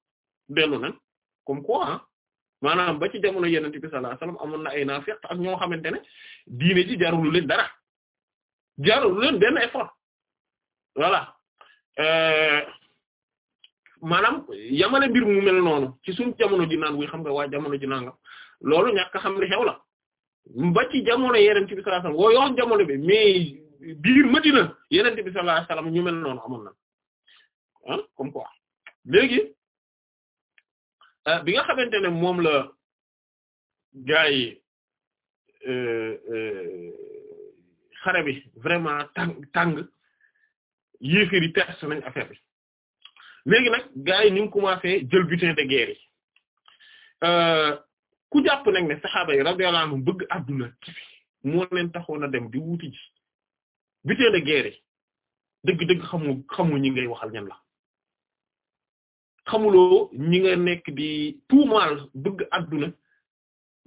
delloo nañ comme quoi ah maanaam ba ci jamono Yonent bi sallallahu alayhi amoon na ay naafiq ak ñoo xamante ne diine ji jarul leen dara jarul leen benn effort voilà euh, maanaam yamale mbir mu mel noonu ci suñ jamono ji naan wuy xam nga waa jamono ji naan loolu ñàkk xam li xew la. ba jamono yeneen ci bi sallallahu alayhi yoon jamono bi mais biir Madina yeneen bi sallallahu alayhi wasallam ñu mel noonu amoon na ah comme quoi léegi euh, bi nga xamante ne moom la gaa yi euh, euh, xare bi vraiment tàng tàng yéefar yi perte nañ affaire bi léegi nag gaa yi ñu ngi commencé jël de guerre yi. ku jàpp nag ne saxaaba yi radiyallahu anhum bëgg adduna moo leen taxoon a dem di wuti ji butin de guerre yi dëgg-dëgg xamu xamu ñi ngay waxal ñan la xamuloo ñi nga nekk di tuumaal bëgg adduna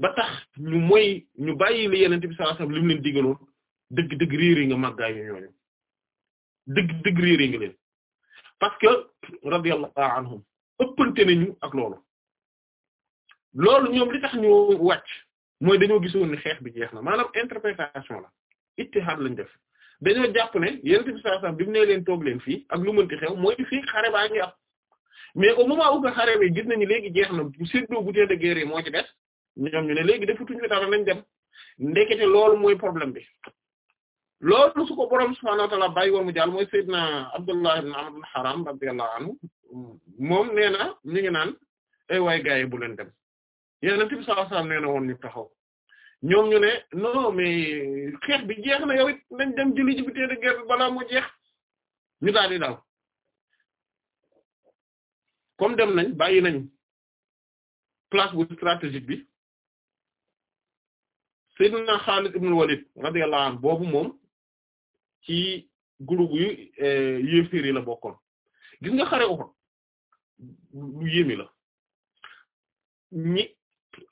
ba tax ñu mooy ñu bàyyi la yeneen bi sallallahu alayhi wasallam li mu leen digaloon dëgg-dëgg réeré nga màggaay yu ñooñu dëgg-dëgg réeré nga leen parce que radiyallahu anhum ëppante ak loolu loolu ñoom li tax ñu wàcc mooy dañoo gisoon ni xeex bi jeex na maanaam interprétation la ittihaad lañ def dañoo jàpp ne yonent bi sallallahu alayhi ne leen toog leen fii ak lu mënti xew mooy fii xare baa ngi am mais au gis na surtout bu de guerre moo ci ne léegi defatuñu dara nañ dem ndekete loolu problème bi. loolu su ko boroom subhaanahu wa mooy Seydina Abdullah ibn Amr ibn moom nee na ñu ngi naan ay waay gaay bu leen dem. Yonent bi sallallahu alayhi wasallam woon ñu taxaw ñoom ñu ne non mais xeex bi jeex na yow nañ dem jëli ji butin de balaa mu jeex ñu daal daal comme dem nañ bàyyi nañu place bu stratégique bi Seydina Khalid ibn Walid radiyallahu anhu boobu moom ci groupe yu eh, yéeféer yi la bokkoon gis nga xare Uhud lu yéeme la ñi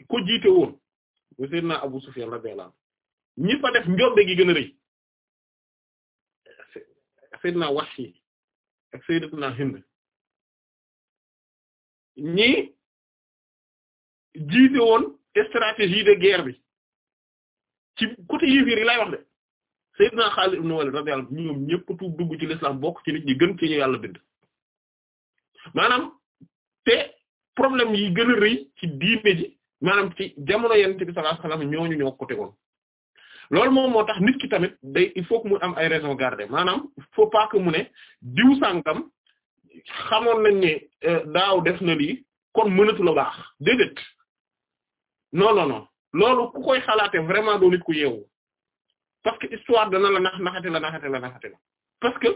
ko jiite woon bu Seydina Abu Sufyan radiyallahu ñi fa def njombe gi gën a rëy Seydina Wahshi ak Seydina Hind ñi jiite woon stratégie de guerre bi ci côté yéeféer yi lay wax de Seydina Xaalid ibn Walid radiyallahu ñoom ñëpp tuub dugg ci l'islam bokk ci nit ñi gën ci ñu yàlla bind maanaam te problème yi gën rëy ci diine maanaam ci jamono yonent bi sallallahu alayhi wasallam ñooñu ñoo ko tegoon loolu moom moo tax nit ki tamit day il faut que mu am ay raisons garder maanaam il faut mu ne diw sàngam xamoon nañ ne euh, daaw def na li kon mënatu la baax déedéet non non non loolu ku koy xalaatee vraiment doo nit ku yeewu parce que histoire dana la nax naxati la naxati parce que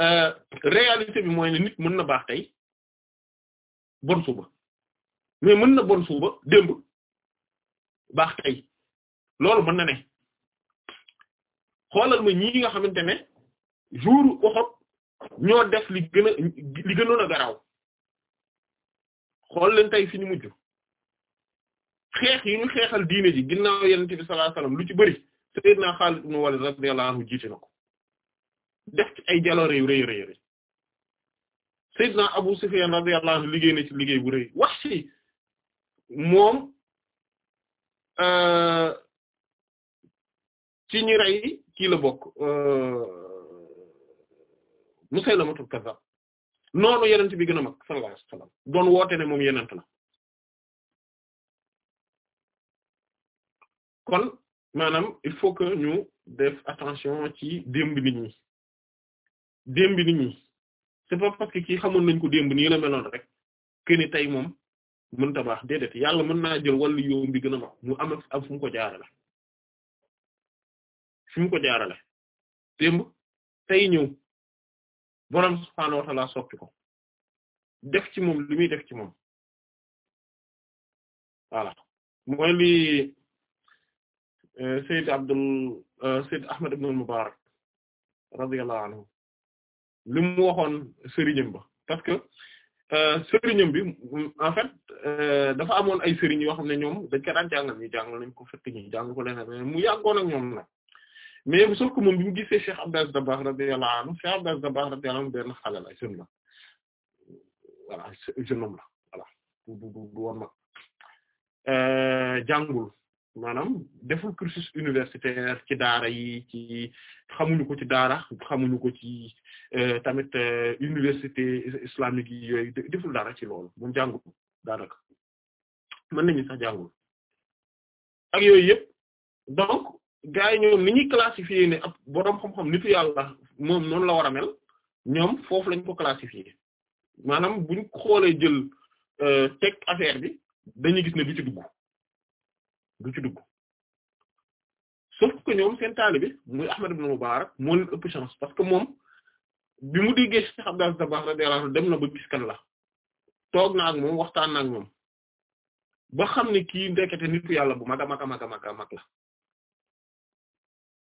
euh, réalité mooy ne nit mën na baax tey bon suba. mais mën na bon suuba démb baax tey loolu mën na ne xoolal ma ñii nga xamante ne jour oxot ñoo def li gën a gënoon a garaaw xool leen tey fi ñu mujj xeex yi ñu xeexal diine ji gin yenente bi sallallahu alayhi lu ci bari sayyidna Xaalid ibn Walid radiyallahu anhu jiite na ko def ci ay jaloore yu rëy rëy rëy sayyidna Abu Sufyan radiyallahu anhu liggéey na ci liggéey bu rëy wax ci moom euh, ci ñi rey kii la bokk euh, Musaylamatul Kazzab noonu yenent bi gën a mag sallallahu alayhi ne moom yenent la kon maanaam il faut que ñu def attention ci démb nit ñi démb nit ñi c'est pas parce que kii xamoon nañ ko démb nii la meloon rek que ni tey moom mënta baax déedéet yàlla mën naa jël wàllu yoon bi gën a mag mu am ak fu ko jaarale fu mu ko jaarale démb tey ñëw borom subhaanahu wa ta'aala soppi ko def ci moom li muy def ci moom voilà mooy li euh, Sayyid Abdul euh, Sayyid Ahmad ibn al-Mubarak radiyallahu anhu li mu waxoon ba parce Euh, sëriñam bi en fait euh, dafa amoon ay sëriñ yoo xam ne ñoom dañ ko daan jàngal ñu jàngal nañ ko fëtt ñu jàng ko leneen mu yàggoon ak ñoom nag mais sauf que moom bi mu gisee Cheikh Abdou Aziz Dabakh radiyallahu anhu a Abdou Aziz Dabakh radiyallahu anhu benn xale ay jeune la voilà jeune homme euh, maanaam deful cursus universitaire ci daara yi ci xamuñu ko ci daara xamuñu ko ci Euh, tamit euh, université islamique yi yooyu deful dara ci loolu moom jàngul daanaka mën nañu sax jàngul ak yooyu yëpp donc gars yi ñoom ni ñuy classifier ne ab xam-xam nitu yàlla moom noonu la war a mel ñoom foofu lañ ko classifier maanaam buñ xoolee jël euh, teg affaire bi dañuy gis ne du ci dugg du ci dugg sauf que ñoom seen taalibe muy Ahmad ibn Mubarak moo leen ëpp chance parce que moom bi mu déggee Cheikh Abdel dem na ba gis kan la toog na ak moom waxtaan na moom ba xam ne kii ndekete nitu yàlla bu mag a mag a mag la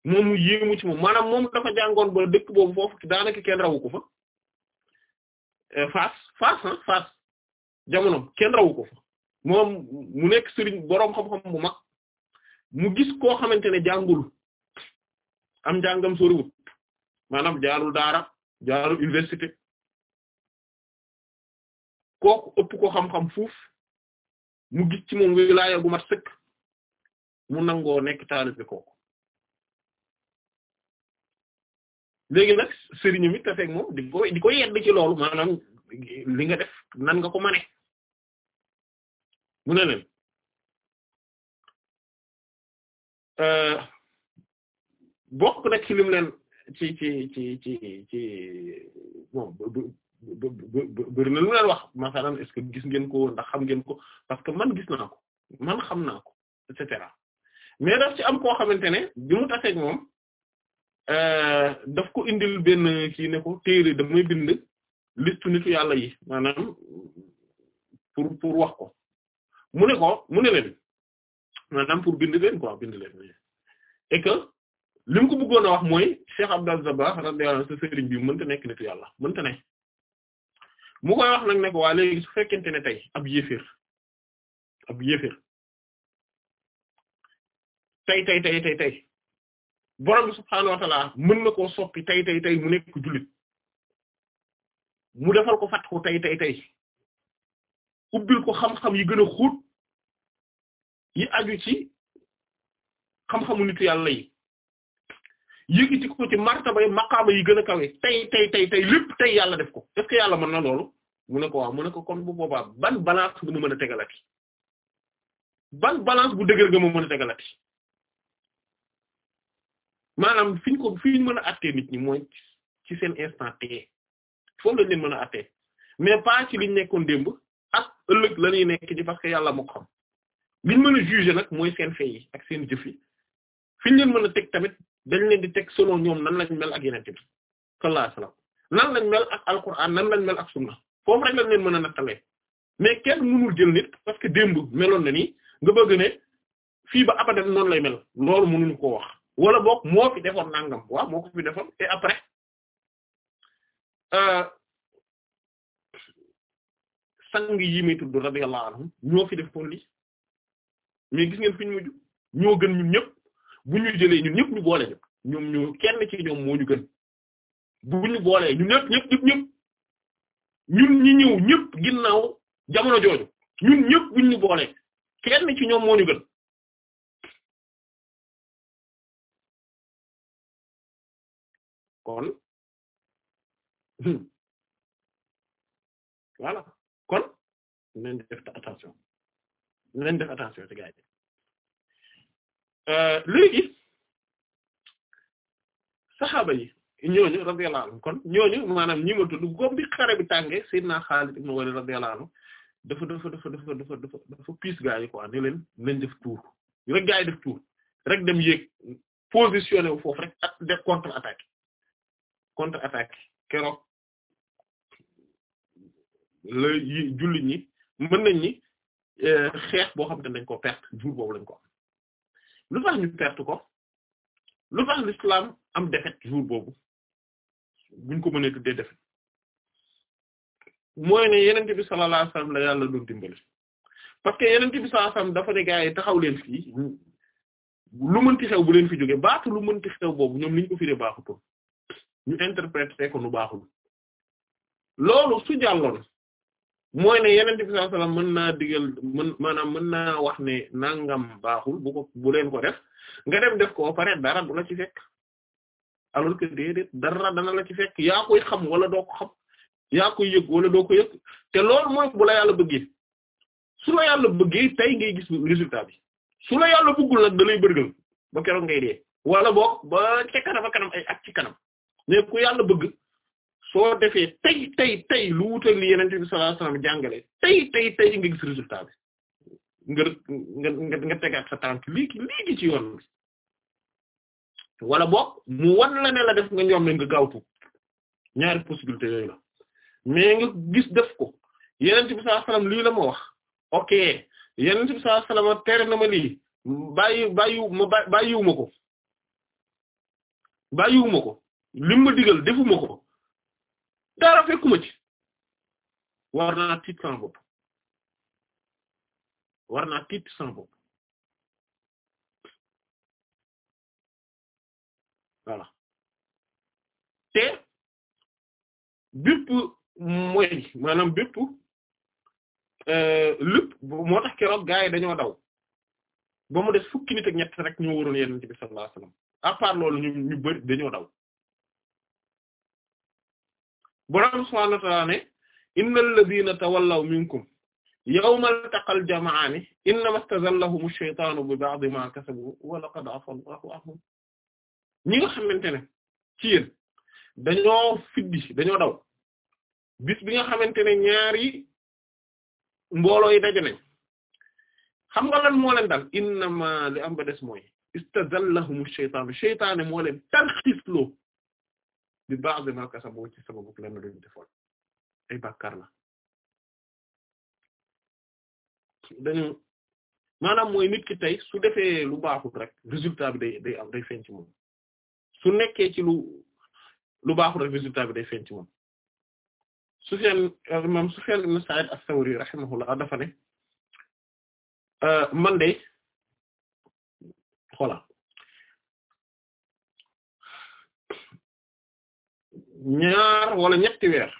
moom mu yéemu ci moom maanaam kenn rawu ko fa eh, ah, kenn rawu ko fa mu nekk sëriñ boroom xam-xam bu gis koo xamante ne jàngul am jàngam soriwut maanaam jaarul daara. jaaru université kooku ëpp ko xam-xam fuuf mu gis ci moom wilaaya gu mat sëkk mu nangoo nekk taalibe kooku léegi nag sëriñ mi tafeeg moom di ko di ko ci loolu maanaam li nga def nan nga mane mu ne leen euh, bokk nag ci ci ci ci ci ci bon bëri na lu leen wax masalan est-ce que gis ngeen ko ndax xam ngeen ko parce que man gis naa ko man xam naa ko et cetera mais daf ci am koo xamante ne bi mu taseeg moom euh, daf ko indil benn kii ne ko téere damay bind listu nitu yàlla yi maanaam pour pour wax ko mu ne ko mu ne leen maanaam pour bind leen quoi bind leen et que lim ko bëggoon wax mooy Cheikh Abdel Zabbah radiyallahu anhu sa bi mënta nekk nitu yàlla mënta ne mu koy wax nag ne ko waa su fekkente ne tey ab yéeféer ab yéeféer tey tey tey tey tey borom bi mën na koo soppi tey tey mu nekk jullit mu defal ko fatxu tey tey tey ubbil ko xam-xam yi gën a xuut yi aju ci xam-xamu nit yàlla yi yëgiti ko ci martaba yi maqaama yi gën a kawe tey tey tey tey lépp tey yàlla def ko est yàlla mën na loolu mu ne ko waaw mu ne ko kon bu boobaa ban balance bu ma mën a tegalati ban balance bu dëgër ga ma mën a tegalati maanaam fi ñu ko fi ñu mën a attee nit ñi mooy ci seen instant tee foofu lañ leen mën a attee mais pas ci liñ nekkoon démb ak ëllëg la ñuy nekk ci parce que yàlla moo ko xam liñ mën a juger nag mooy seen fee yi ak seen jëf yi fi ñu mën a teg tamit dañ leen di teg selon ñoom nan lañ mel ak yeneen bi nan lañ mel ak alquran nan lañ mel ak sunna foofu rek lañ leen mën a nattalee mais kenn mënul jël nit parce que démb meloon na ni nga bëgg ne fii ba abadan noonu lay mel loolu mënuñu koo wax wala boog moo fi defoon nangam waaw moo ko fi defoon et après euh, gis ngeen fi ñu mujj ñoo gën ñun ñëpp bu ñuy jëlee ñun ñëpp ñu boole ñu ñu kenn ci ñoom moo ñu gën bu ñu boolee ñun ñëpp ñëpp ñëpp ñun ñi ñëw ñëpp ginnaaw jamono jooju ñun ñëpp bu ñu boolee kenn ci ñoom moo ñu gën. kon (laughs) voilà kon nañ def attention nañ def attention ci gars Euh, léegi saxaaba yi ñooñu radiyallahu kon ñooñu maanaam ñi ma tudd góob bi xare bi tànge sayyidina Xaalid ibn Walid radiyallahu anhu dafa dafa dafa dafa dafa dafa dafa gaa yi quoi ne leen nañ def tour rek gaa yi def tour rek dem yéeg positionné wu foofu rek ak de contre attaque contre attaque keroog la yi jullit ñi mën nañ ni euh, xeex boo xam te dañ ko perte jour boobu lañ ko lu tax ñu perte ko lu tax l'islam am défaite jour boobu buñ ko mënee tuddee défaite mooy ne yenente bi sallallahu alayhi wasallam la yàlla doon dimbali parce que yenente bi sallallahu dafa ne gaa yi taxaw leen fii lu mënti xew bu leen fi jóge baatu lu mënti xew boobu ñoom liñ ko firee baaxutoon ñu interpréter ko nu baaxul loolu su jàlloon mooy ne yeneen bi sallallahu mën naa digal mën maanaam mën naa wax ne nangam baaxul bu ko bu leen ko def nga dem def ko pare dara du la ci fekk alors que déedéet dara dana la ci fekk yaa koy xam wala doo xam yaa koy yëg wala doo ko te loolu mooy bu la yàlla bëggee su la yàlla bëggee tey ngay gis résultat bi su la yàlla bëggul nag da lay bërgal ba keroog nga dee wala boog ba ca kanam a kanam ay ak ci kanam mais ku yàlla bëgg soo defee tey tey tey lu wutal li yeneen bi sallallahu alayhi wasallam jàngale tey tey tey nga gis résultat bi nga nga nga tegaat sa tànk léegi léegi ci yoon wala boog mu wan la def nga ñoom ne nga gaawtu ñaari possibilité yooyu la mais nga gis def ko yeneen bi sallallahu alayhi la ma wax ok yeneen bi sallallahu alayhi wasallam tere na ma lii bàyyi bàyyiwu ma bàyyiwu ma ko ma ko lim ma digal defu ma ko dara fekkuma ci war naa tiit sama bopp war tiit sama bopp voilà te bépp mooy maanaam bépp euh, lépp moo tax keroog gaa yi dañoo daw ba mu des fukki nit ñett rek ñoo waroon yonent bi sallallahu alayhi wasallam à ñu ñu bari dañoo daw borom subhaanahu wa ta'aala ne innal ladhiina tawallaw minkum yawmal taqal jama'aani innamaa istazallahum ash-shaytaanu bi ma maa kasabu wa laqad afa Allahu anhum ñi nga xamante dañoo fiddi dañoo daw bis bi nga xamante ne ñaari mbooloo yi daje nañ xam nga lan moo leen dal innamaa li am ba des mooy istazallahum ash-shaytaanu shaytaane moo leen tarxisloo bi baax bi ma kasabu ci sababu lenn lu ñu defoon ay bàkkaar la dañu mooy nit ki tey su defee lu baaxul rek résultat bi day day moom su nekkee ci lu lu baaxul rek résultat bi day feeñ ci moom Sufyan imam euh, Sufyan ibn Sa'id as-Sawri rahimahullah dafa ne euh, man xola ñaar wala ñetti weer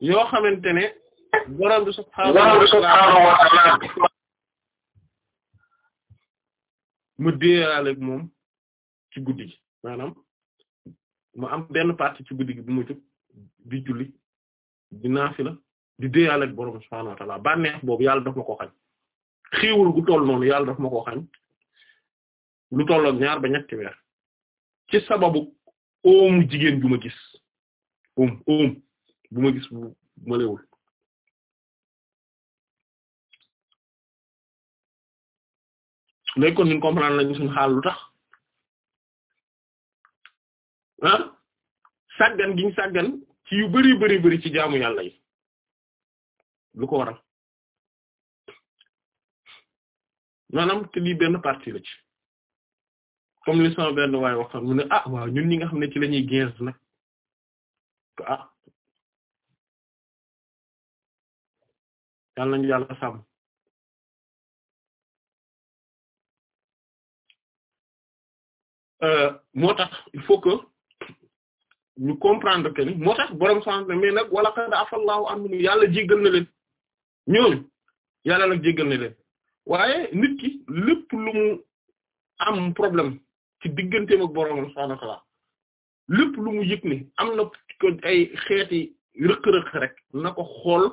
yoo xamante ne borom bi subhaanahu wa ta'ala mu déeyaale moom ci guddi gi maanaam mu am benn partie ci guddi gi bu mu jóg di julli di naafila di déeyaale ak borom subhaanahu wa ta'ala bànneex boobu yàlla daf ma ko xañ xiiwul gu toll noonu yàlla daf ma ko xañ lu tollook ñaar ba ñetti weer ci sababu oom jigéen ju ma gis oom oom bu gis bu ma lewul léegi kon ñun comprendre lañu suñu xaal lu tax ah sàggan giñ sàggan ci yu bari bari bari ci jaamu yàlla lu ko waral maanaam te lii benn partie la comme li sama benn waaye waxtaan mu ne ah waaw ñun ñi nga xam ne ci lañuy ñuy gees nag ah yàlla nañu yàlla sàmm euh, moo tax il faut que ñu comprendre que ni moo tax boroom sant ne mais nag wala qad afallahu anhum yàlla jéggal na leen ñooñu yàlla nag jéggal na leen waaye nit ki lépp lu am problème ci digganteem ak boroomam subhaanahu lépp lu mu yëg ko ay xeeti rëq rek na xool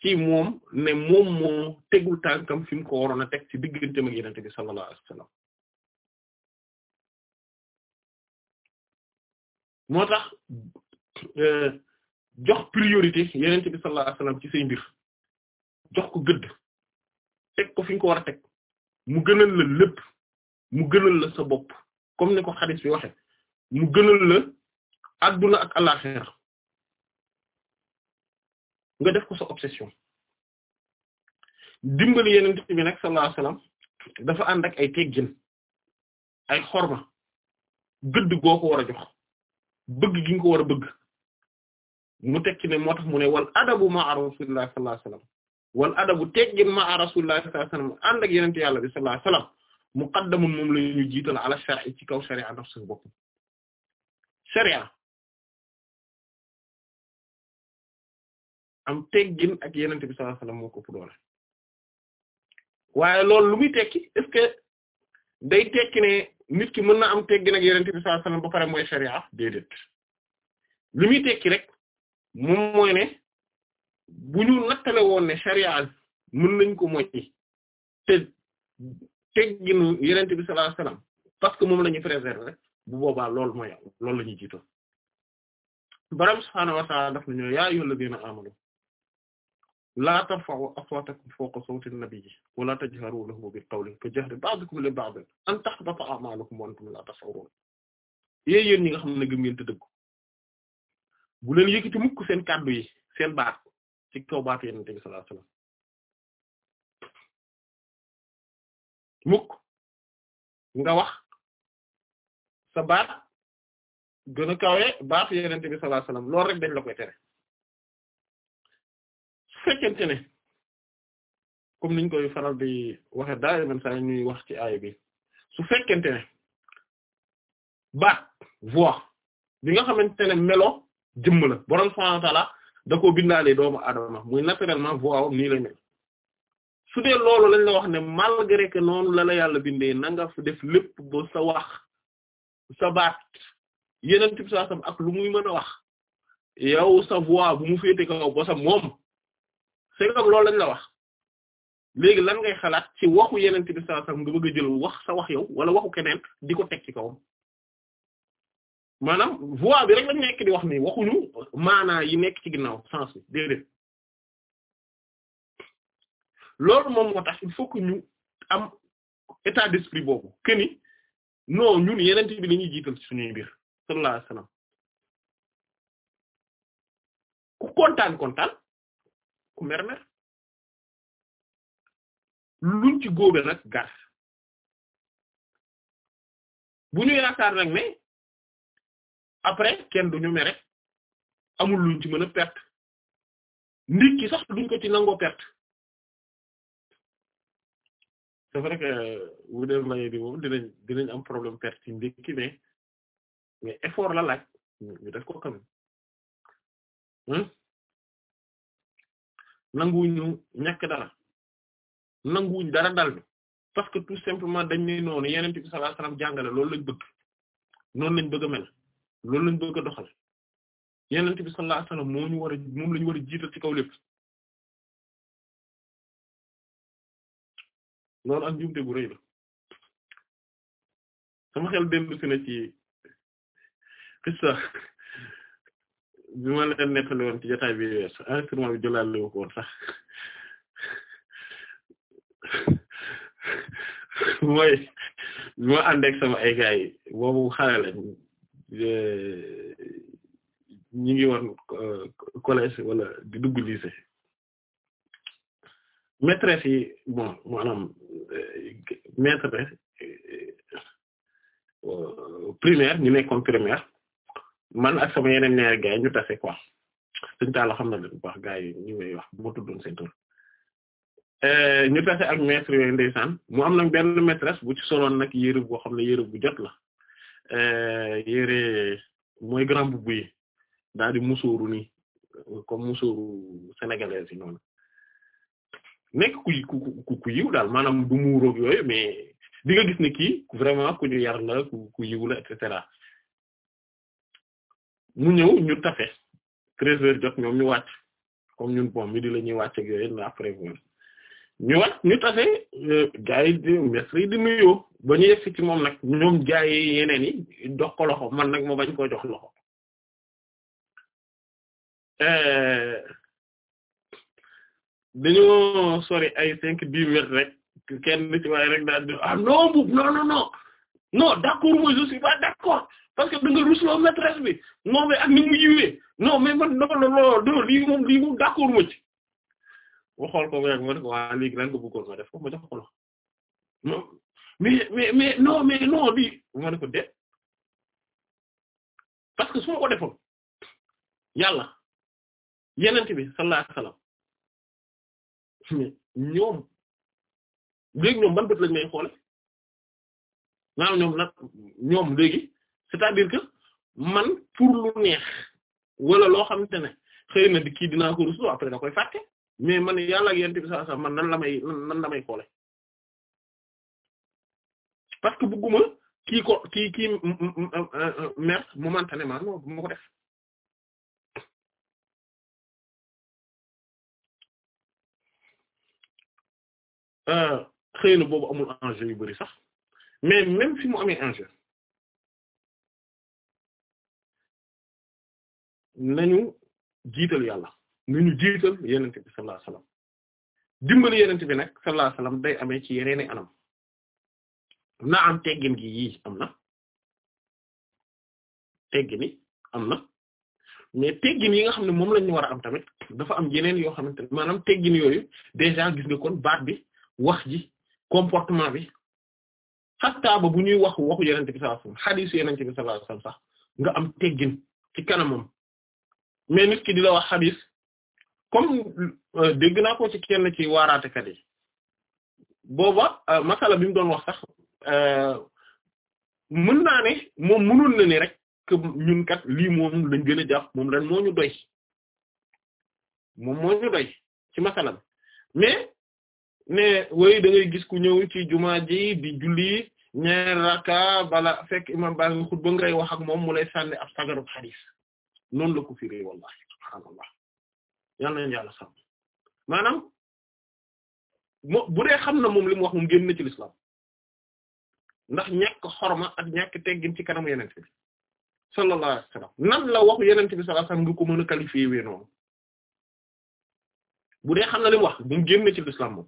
ci moom ne moom moo tegul tànkam fi mu ko waroon a teg ci digganteem ak Yonent bi sallallaahu alayhi wa tax euh, jox priorité Yonent bi sallallaahu alayhi ci say jox ko gëdd teg ko fi a teg mu gënal la lépp. mu gënal la sa bopp comme ni ko xadis bi waxe mu gënal la adduna ak àllaxira nga def ko sa obsession dimbali yeneen bi nag sallallahu alayhi wasallam dafa ànd ak ay teggin ay xorma gëdd goo ko war a jox bëgg gi ko war a bëgg mu tekki ne moo tax mu ne wal adabu ma'a rasulillahi sallallahu alayhi wasallam wal adabu teggin ma'a rasulillahi sallallahu alayhi wasallam ànd ak yeneen yàlla bi sallallahu alayhi muqaddamun moom la ñu jiital ala shar'i am teggin ak yenent bi sallallahu alayhi wasallam moo ko ëpp doole waaye loolu lu tekki est que day tekki nit ki mën na am teggin ak yenent bi sallallahu alayhi ba pare mooy sharia déedéet li muy tekki rek moom mooy bu ñu nattale woon ne sharia mën nañ ko moyyi te tegginu yenente bi sallallahu alayhi parce que moom la ñuy préserver bu boobaa loolu mooy loolu la ñuy jiito boroom subhaanahu wa ta'ala daf nañu yaa ayyuhal ladina amanu laa tarfa'u aswatakum fawqa sawti an-nabiyyi wa la tajharu lahu bil qawli ka jahri ba'dikum li ba'din an tahbata a'malukum wa antum la tash'urun yéen yéen ñi nga xam ne gëm ngeen te dëggu bu leen yëkkati mukk seen kàddu yi seen baat ci kaw baatu yenente bi mukk nga wax sa baat gën a kawe baat yeneen bi sallallahu alayhi wasallam loolu rek dañ la koy tere su fekkente ne niñ koy faral di waxe daay man saa ñuy wax ci aay bi su fekkente ne baat voix bi nga xamante melo jëmm la borom subhanahu wa ta'ala da bindaale doomu aadama muy naturellement voix am nii su dee loolu lañ la wax ne malgré que noonu la yàlla bindee na nga def lépp ba sa wax sa baat yeneen tib ak lu muy mën a wax yow sa voix bu mu féete kaw ba sa moom c'est loolu lañ la wax léegi lan ngay xalaat ci waxu yeneen tib nga bëgg a jël wax sa wax yow wala waxu keneen di ko teg ci kawam maanaam voix bi rek lañ nekk di wax nii waxuñu maanaa yi nekk ci ginnaaw sens bi déedéet loolu moom moo tax il faut que ñu am état d'esprit boobu que ni non ñun yeneen bi la ñuy jiital ci suñuy mbir sallallahu alayhi wasallam ku kontaan kontaan ci góobe gar bu ñu yaakaar nag après kenn duñu mere amul luñ ci perte nit sax duñ ko ci perte c'est vrai que bu dee mbay bi moom dinañ dinañ am problème perte ci ndekki mais mais effort la laaj ñu def ko quand même hmm? nanguwuñu ñàkk dara nanguwuñ dara dal bi parce que tout simplement dañ ne noonu yeneen bi sallallahu alayhi wasallam loolu lañ bëgg noonu lañ bëgg a mel loolu lañ bëgg a doxal yeneen bi sallallahu alayhi wasallam moo ñu war a moom lañu war a jiital ci kaw lépp loolu ak njuumte gu rëy la sama xel dellu na ci xissa bi ma leen nettali woon ci jotaay bi wees enregistrement bi jëlaat léwu ko woon sax mooy bi ma ànd sama ay gaay yi boobu xale lañ ngi woon euh, collège wala di dugg lycée maîtresse yi bon maanaam euh, maîtresse euh, euh, primaire ñu nekkoon primaire man ak sama yeneen ñaari gars yi ñu tase quoi suñu taal xam na leen yi ñu wax bu ma ñu tase ak maître yooyu ndeysaan mu am na benn maîtresse bu ci soloon nag yére boo xam ne yére bu jot la yére mooy grand boubou yi daal di musóoru nii comme sénégalaise yi noonu. nekk ku ku ku yiw daal maanaam du muuroog yooyu mais di gis ne kii vraiment ku ñu yar la ku ku yiw la et cetera mu ñëw ñu tafe treize jot ñoom ñu wàcc comme ñun bon midi la ñuy wàcc ak yooyu na après bon ñu wàcc ñu tafe euh, gars yi di mestre yi ba ñu yegg ci moom nag ñoom gars yi yeneen yi jox ko loxo man nag ma bañ koo jox loxo euh, dañoo sori ay cinq dix mètres rek kenn ci waaye rek daal di ah non boobu non non non non d'accord mooy je suis pas parce que da nga rusloo bi non mais ak ni mu yiwee non mais ma ci ko rek ma ne ko waa de parce que su defoon yàlla yenent bi sallallahu alayhi wasallam ñoom léegi ñoom ban bët lañ may xoole maanaam ñoom nag ñoom léegi c'est-à-dire que man pour lu neex wala loo xamante ne xëy na di kii dinaa ko rusloo après da koy fàtte mais man yàlla ak yent man nan la may nan la may xoole parce que bëgguma kii ko kii kii mer momentanément ma ko Euh, xëy na boobu amul enjeu yu bari sax mais même fi mu amee enjeu nañu jiital yàlla nañu jiital yenente bi sallallahu alayhi wasallam bi nag sallallahu alayhi wasallam day amee ci yeneeni anam na am teggin gi yii am na teggini am na mais teggin yi nga xam ne moom lañu ñu am tamit dafa am yeneen yoo xamante ne maanaam teggin yooyu déjà gis nga kon baat bi wax ji comportement bi xattaa ba bu ñuy wax waxu yenente bi sallallahu alayhi wasallam xadiisu yenente bi sax nga am teggin ci kanamam mais nit ki di la wax xadiis comme euh, dégg naa ko ci kenn ci waaraatekat yi booba euh, masala bi doon wax sax euh, mën naa ne moom mënul na ni rek ñun kat lii moom lañ gën a jàpp moom lan moo ñu doy moom moo doy ci masala bi ne woy da gis ku ñëw ci jumaa ji di julli ñaar raka bala fekk imam baa ngi xutba ngay wax ak moom mu lay sànni ab sagarub xadis noonu la ko firé wallahi subhaanallah yal nañu yàlla sàmm maanaam mo bu dee xam na moom li mu wax moom génn na ci lislaam ndax ñàkk ma ak ñàkk teggin ci kanamu yeneen bi sallallahu alayhi nan la waxu yeneen bi sallallahu alayhi wasallam nga ko mën a qualifié wee noonu bu dee xam na li wax moom génn na ci lislaam moom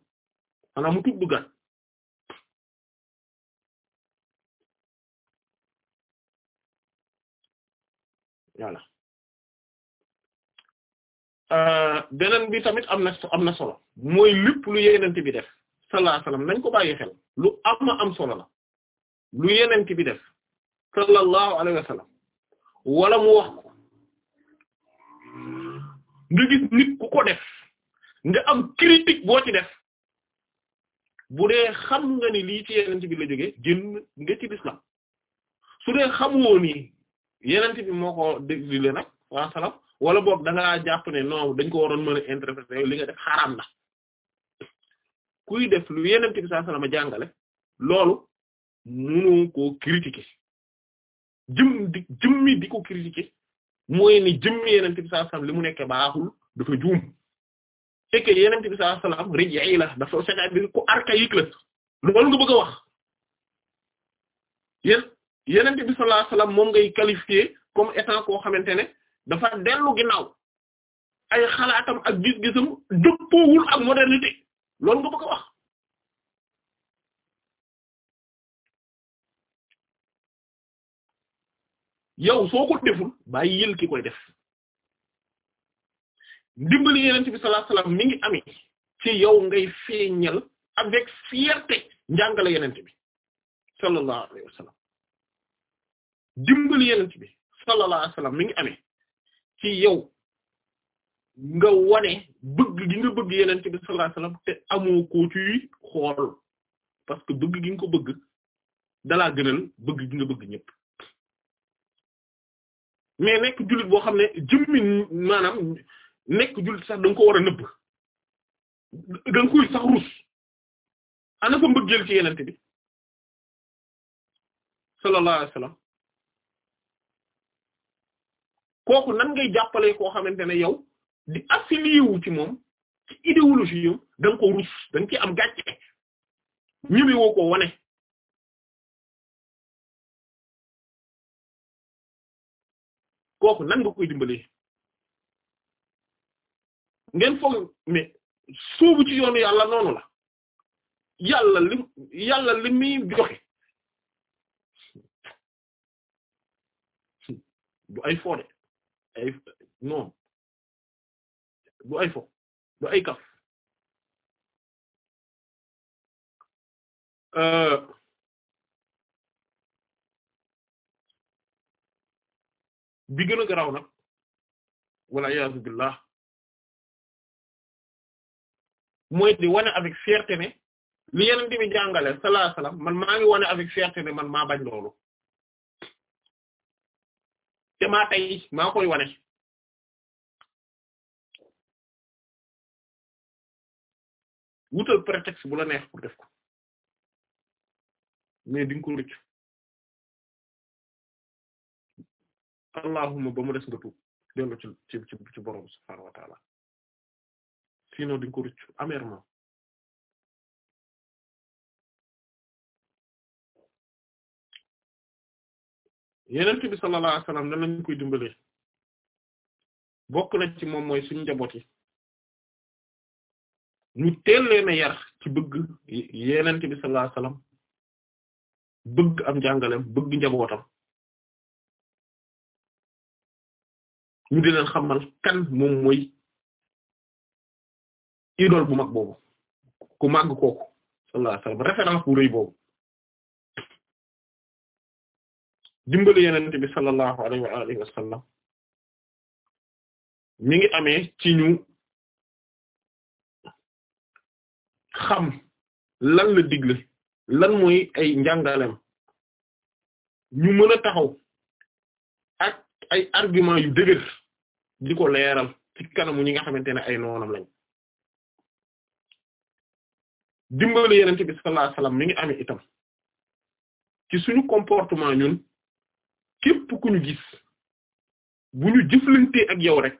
maanaam mu tuub duggaat voilà euh, beneen bi tamit am na am solo mooy lépp lu yenent bi def sallallahu alayhi nañ ko bàyyi xel lu am am solo la lu yenent bi def sallallahu alayhi wasallam wala mu wax ko gis nit ku ko def nga am critique boo ci def bu dee xam nga ni lii ci yenent bi la jógee génn nga ci lislaam su dee xamoo ni yenent bi moo ko déglu nag wala boog da ngaa jàpp ne non dañ ko waroon mën a interpréter li nga def xaraam na kuy def lu yenent bi sallallahu alayhi wasallam jàngale loolu mënu koo critiquer jëm di jëmmi di ko critiquer mooy ni jëmmi yenent bi sallallahu alayhi wasallam li mu nekkee baaxul dafa juum et que yeneen bi sallallahu alayhi wasallam rij'i la dafa c'est-à-dire ku archaïque la loolu nga bëgg wax yéen bi sallallahu alayhi moom ngay qualifier comme étant koo xamante ne dafa dellu ginnaaw ay xalaatam ak gis-gisam dëppoowul ak modernité loolu nga bëgg wax. yow soo ko deful bàyyi yël koy def. ndimbali yenent bi sallallahu alayhi wasallam mi ngi amee ci yow ngay feeñal avec fierté njàngale yenent bi sallallahu alayhi wasallam dimbali yenent bi sallallahu alayhi wasallam mi ngi amee ci yow nga wane bëgg gi nga bëgg yenent bi sallallahu alayhi wasallam te amoo ko ci xool parce que bëgg gi nga ko bëgg dalaa gënal bëgg gi nga bëgg ñëpp mais nekk jullit boo xam ne jëmmi maanaam nekk jullit sax da nga ko war nëbb da koy sax rus ana ko mbëggeel ci yenente bi sallallahu alayhi wasallam kooku nan ngay jàppale koo xamante ne yow di affilié ci moom ci idéologie yom da nga ko rus da nga am gàcce ñëme woo wane kooku nan nga koy dimbalee ngeen foog mais sóobu ci yoonu yàlla noonu la yàlla li yàlla li muy joxe du ay fo de ay du ay fo du ay kaf euh, bi gën a garaaw nag wala iyaazu billah mooy di wane avec fierté ne li yeneen bi jàngale sallallahu man maa ngi wane avec fierté ne man maa bañ loolu te maa tey maa koy wane wutal prétexte bu la neex pour def ko mais di ko rëccu allahumma ba mu des nga tuub dellu ci ci ci borom subhaanahu wa sinon di nga ko rëccu amèrement yenent bi sallallahu alayhi wasallam koy dimbalee bokk na ci moom mooy suñu njaboot ñu teel leen yar ci bëgg yenent bi sallallahu alayhi bëgg am njàngaleem bëgg njabootam ñu di leen xamal kan moom mooy idole bu mag boobu ku màgg kooku sallallahu alayhi wasallam référence bu rëy boobu dimbali yenente bi sallallahu alayhi wa alihi wasallam mi ngi ame ci ñu xam lan la digle lan mooy ay njàngalem ñu mën a taxaw ay argument yu dëgër di ko leeral ci kanamu ñi nga xamante ne ay noonam lañ dimbali yenente bi sallallahu mi ngi amee itam ci suñu comportement ñun képp ku ñu gis bu ñu ak yow rek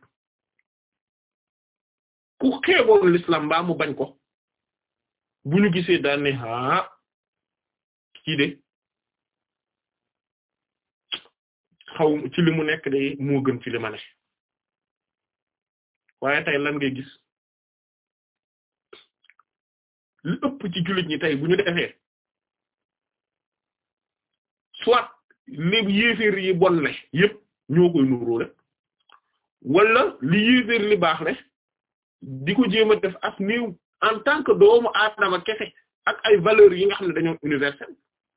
ku xeeboon l'islam baa mu bañ ko bu ñu gisee daan ne ah kii de xaw ci nekk de moo gën ci li ma ne ngay gis li ëpp ci jullit ñi tey bu ñu defee soit li yéeféer yi bon le yëpp ñoo koy nuróole wala li yéeféer li baax le di ko jéem a def ak néew en tant que doomu aadama kese ak ay valeurs yi nga xam ne dañoo universel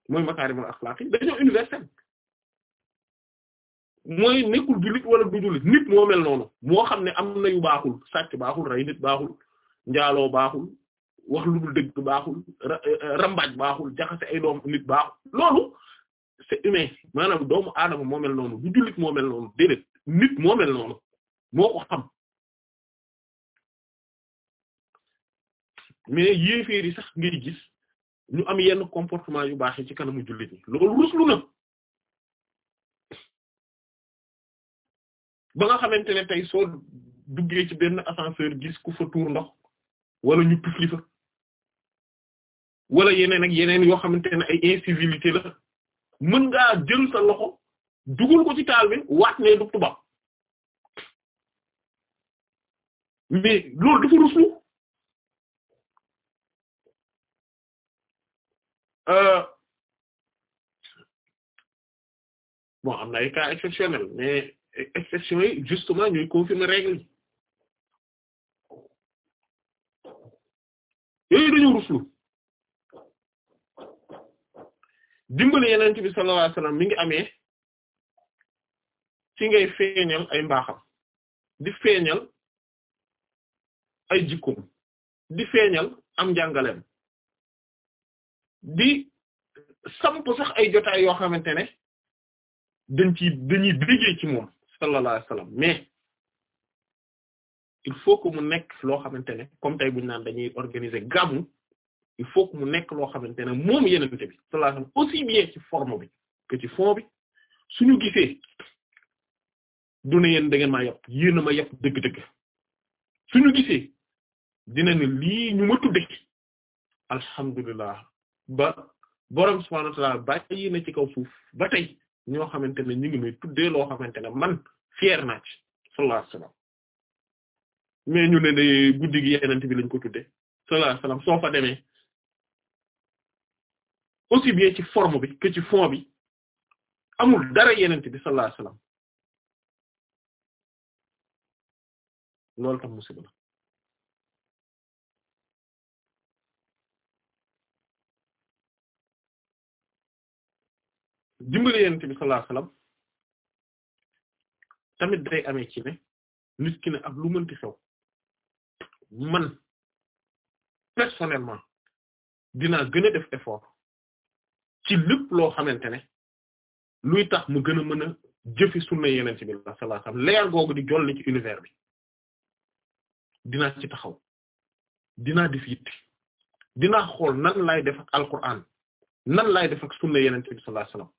mooy makaarimul axlaaq yi dañoo universel mooy nekkul jullit wala du jullit nit moo mel noonu moo xam ne am na yu baaxul sàcc baaxul rey nit baaxul njaaloo baaxul wax lu dul dëgg baaxul euh, rambaaj baaxul jaxase ay doom nit baaxul loolu c'est humain maanaam doomu aadama moo mel noonu du jullit moo mel noonu déedéet nit moo mel noonu moo ko xam mais yéeféer yi sax ngay gis ñu am yenn comportement yu baax yi ci kanamu jullit yi loolu ruslu na ba nga xamante ne tey soo duggee ci benn ascenseur gis ku fa tuur ndox wala ñu tufli fa wala yeneen ak yeneen yoo xamante ne ay incivilité la mën ngaa jël sa loxo dugal ko ci taal bi waat ne du tubaab mais loolu dafa ruslu euh, bon am na ay exceptionnel mais exception yi justement ñooy confirmer règle yooyu dañu ruslu dimbali yenent bi sallallahu alayhi wasallam mi ngi amee ci ngay feeñal ay mbaaxam di feeñal ay jikkoom di feeñal am njàngaleem di samp sax ay jotaay yoo xamante ne dañ ci dañuy liggéey ci moom sallallahu alayhi mais il faut que mu nekk loo xamante ne comme tey buñu naan dañuy organiser gàmmu il faut que mu nekk loo xamante ne moom yenente bi sallallahu alayhi wasallam aussi ci forme bi que ci fond bi suñu gisee du ne yéen da ngeen maa ma yàpp dëgg-dëgg suñu gisee dina ne lii ñu ma tudde alhamdulilah ba borom subhaanahu wa ta'aala bàyyi ci kaw suuf ba tey ñoo xamante ne ñu ngi may tuddee loo xamante ne man fier naa ci sallallahu alayhi wasallam mais ñu ne ne guddi gi yenente bi lañ ko tuddee sallallahu alayhi soo fa demee aussi bien ci forme bi que ci fond bi amul dara yenente bi sallallahu alayhi loolu tam musiba la dimbali yenente bi sallallahu alayhi tamit day amee ci ne nit ki ne ak lu mënti xew man personnellement dinaa gën def effort ci lépp loo xamante ne luy tax mu gën a mën a jëfi sunna yeneen ci bi sallallahu alayhi wasallam leer googu di jolli ci univers bi dinaa ci taxaw dinaa def yitte xool nan laay def ak alquran nan laay def ak sunna yeneen bi sallallahu alayhi wasallam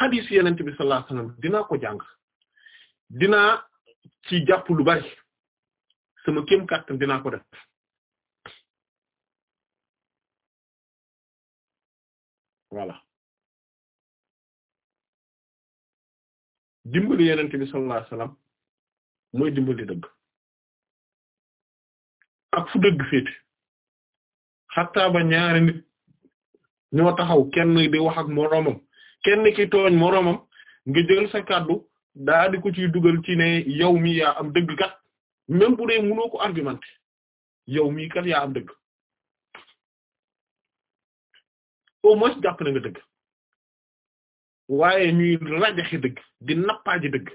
hadith yeneen bi sallallahu alayhi wasallam dinaa ko jàng dinaa ci jàpp lu bari sama kéem kàttan dinaa ko def voilà dimbali yenente bi sallallahu alayhi wasallam mooy dimbali dëgg ak fu dëgg féete xataa ba ñaari ñoo taxaw kenn di wax moroomam kenn ki tooñ moroomam nga jël sa kàddu daa ko ciy dugal ci ne yow mi yaa am dëgg kat même bu dee mënoo ko argumenté yow mii yaa am dëgg au moins jàpp na nga dëgg waaye ñuy rajaxe dëgg di nappaaji dëgg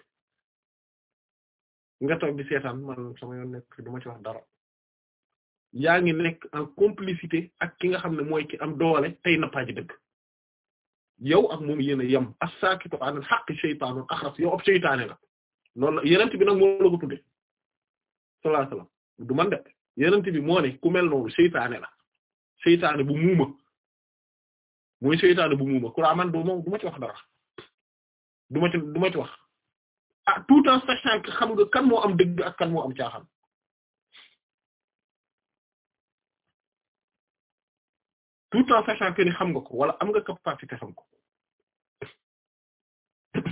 nga di seetaan man sama nekk du ma ci wax dara yaa ngi nekk en complicité ak ki nga xam ne mooy ki am doole tey nappaaji dëgg yow ak moom yéen a yem as-saakitu an al-haqqi axras yow ab seytaane la loolu la yenent bi nag moo la ko tudde sallallahu du man de yenent bi moo ku mel noonu seytaane la seytaane bu muuma mooy seytaane bu muuma kuraa man boobu moom du ma wax dara du ma du ma wax ah tout en sachant que xam nga kan moo am dëgg ak kan moo am caaxaan tout en sachant que xam nga ko wala am nga capacité xam ko (coughs)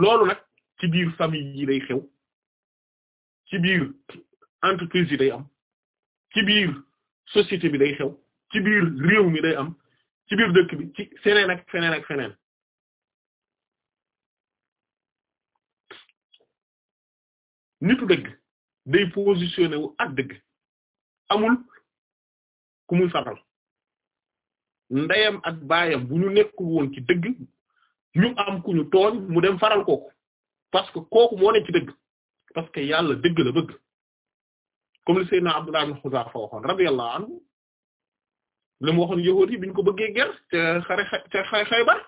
loolu nag ci famille yi day xew ci entreprise yi day am ci société bi day xew ci biir réew mi day am ci biir dëkk bi ci feneen ak feneen nitu dëgg day positionné wu dëgg amul ku muy faral ndeyam ak baayam bu ñu nekkul woon ci dëgg ñu am ku ñu tooñ mu dem faral kooku parce que kooku moo ne ci dëgg parce que yàlla dëgg la bëgg comme li Seydina Abdullah ibn Xuzafa waxoon radiyallahu anhu li mu waxoon biñ ko bëggee ger te xare te xay Xaybar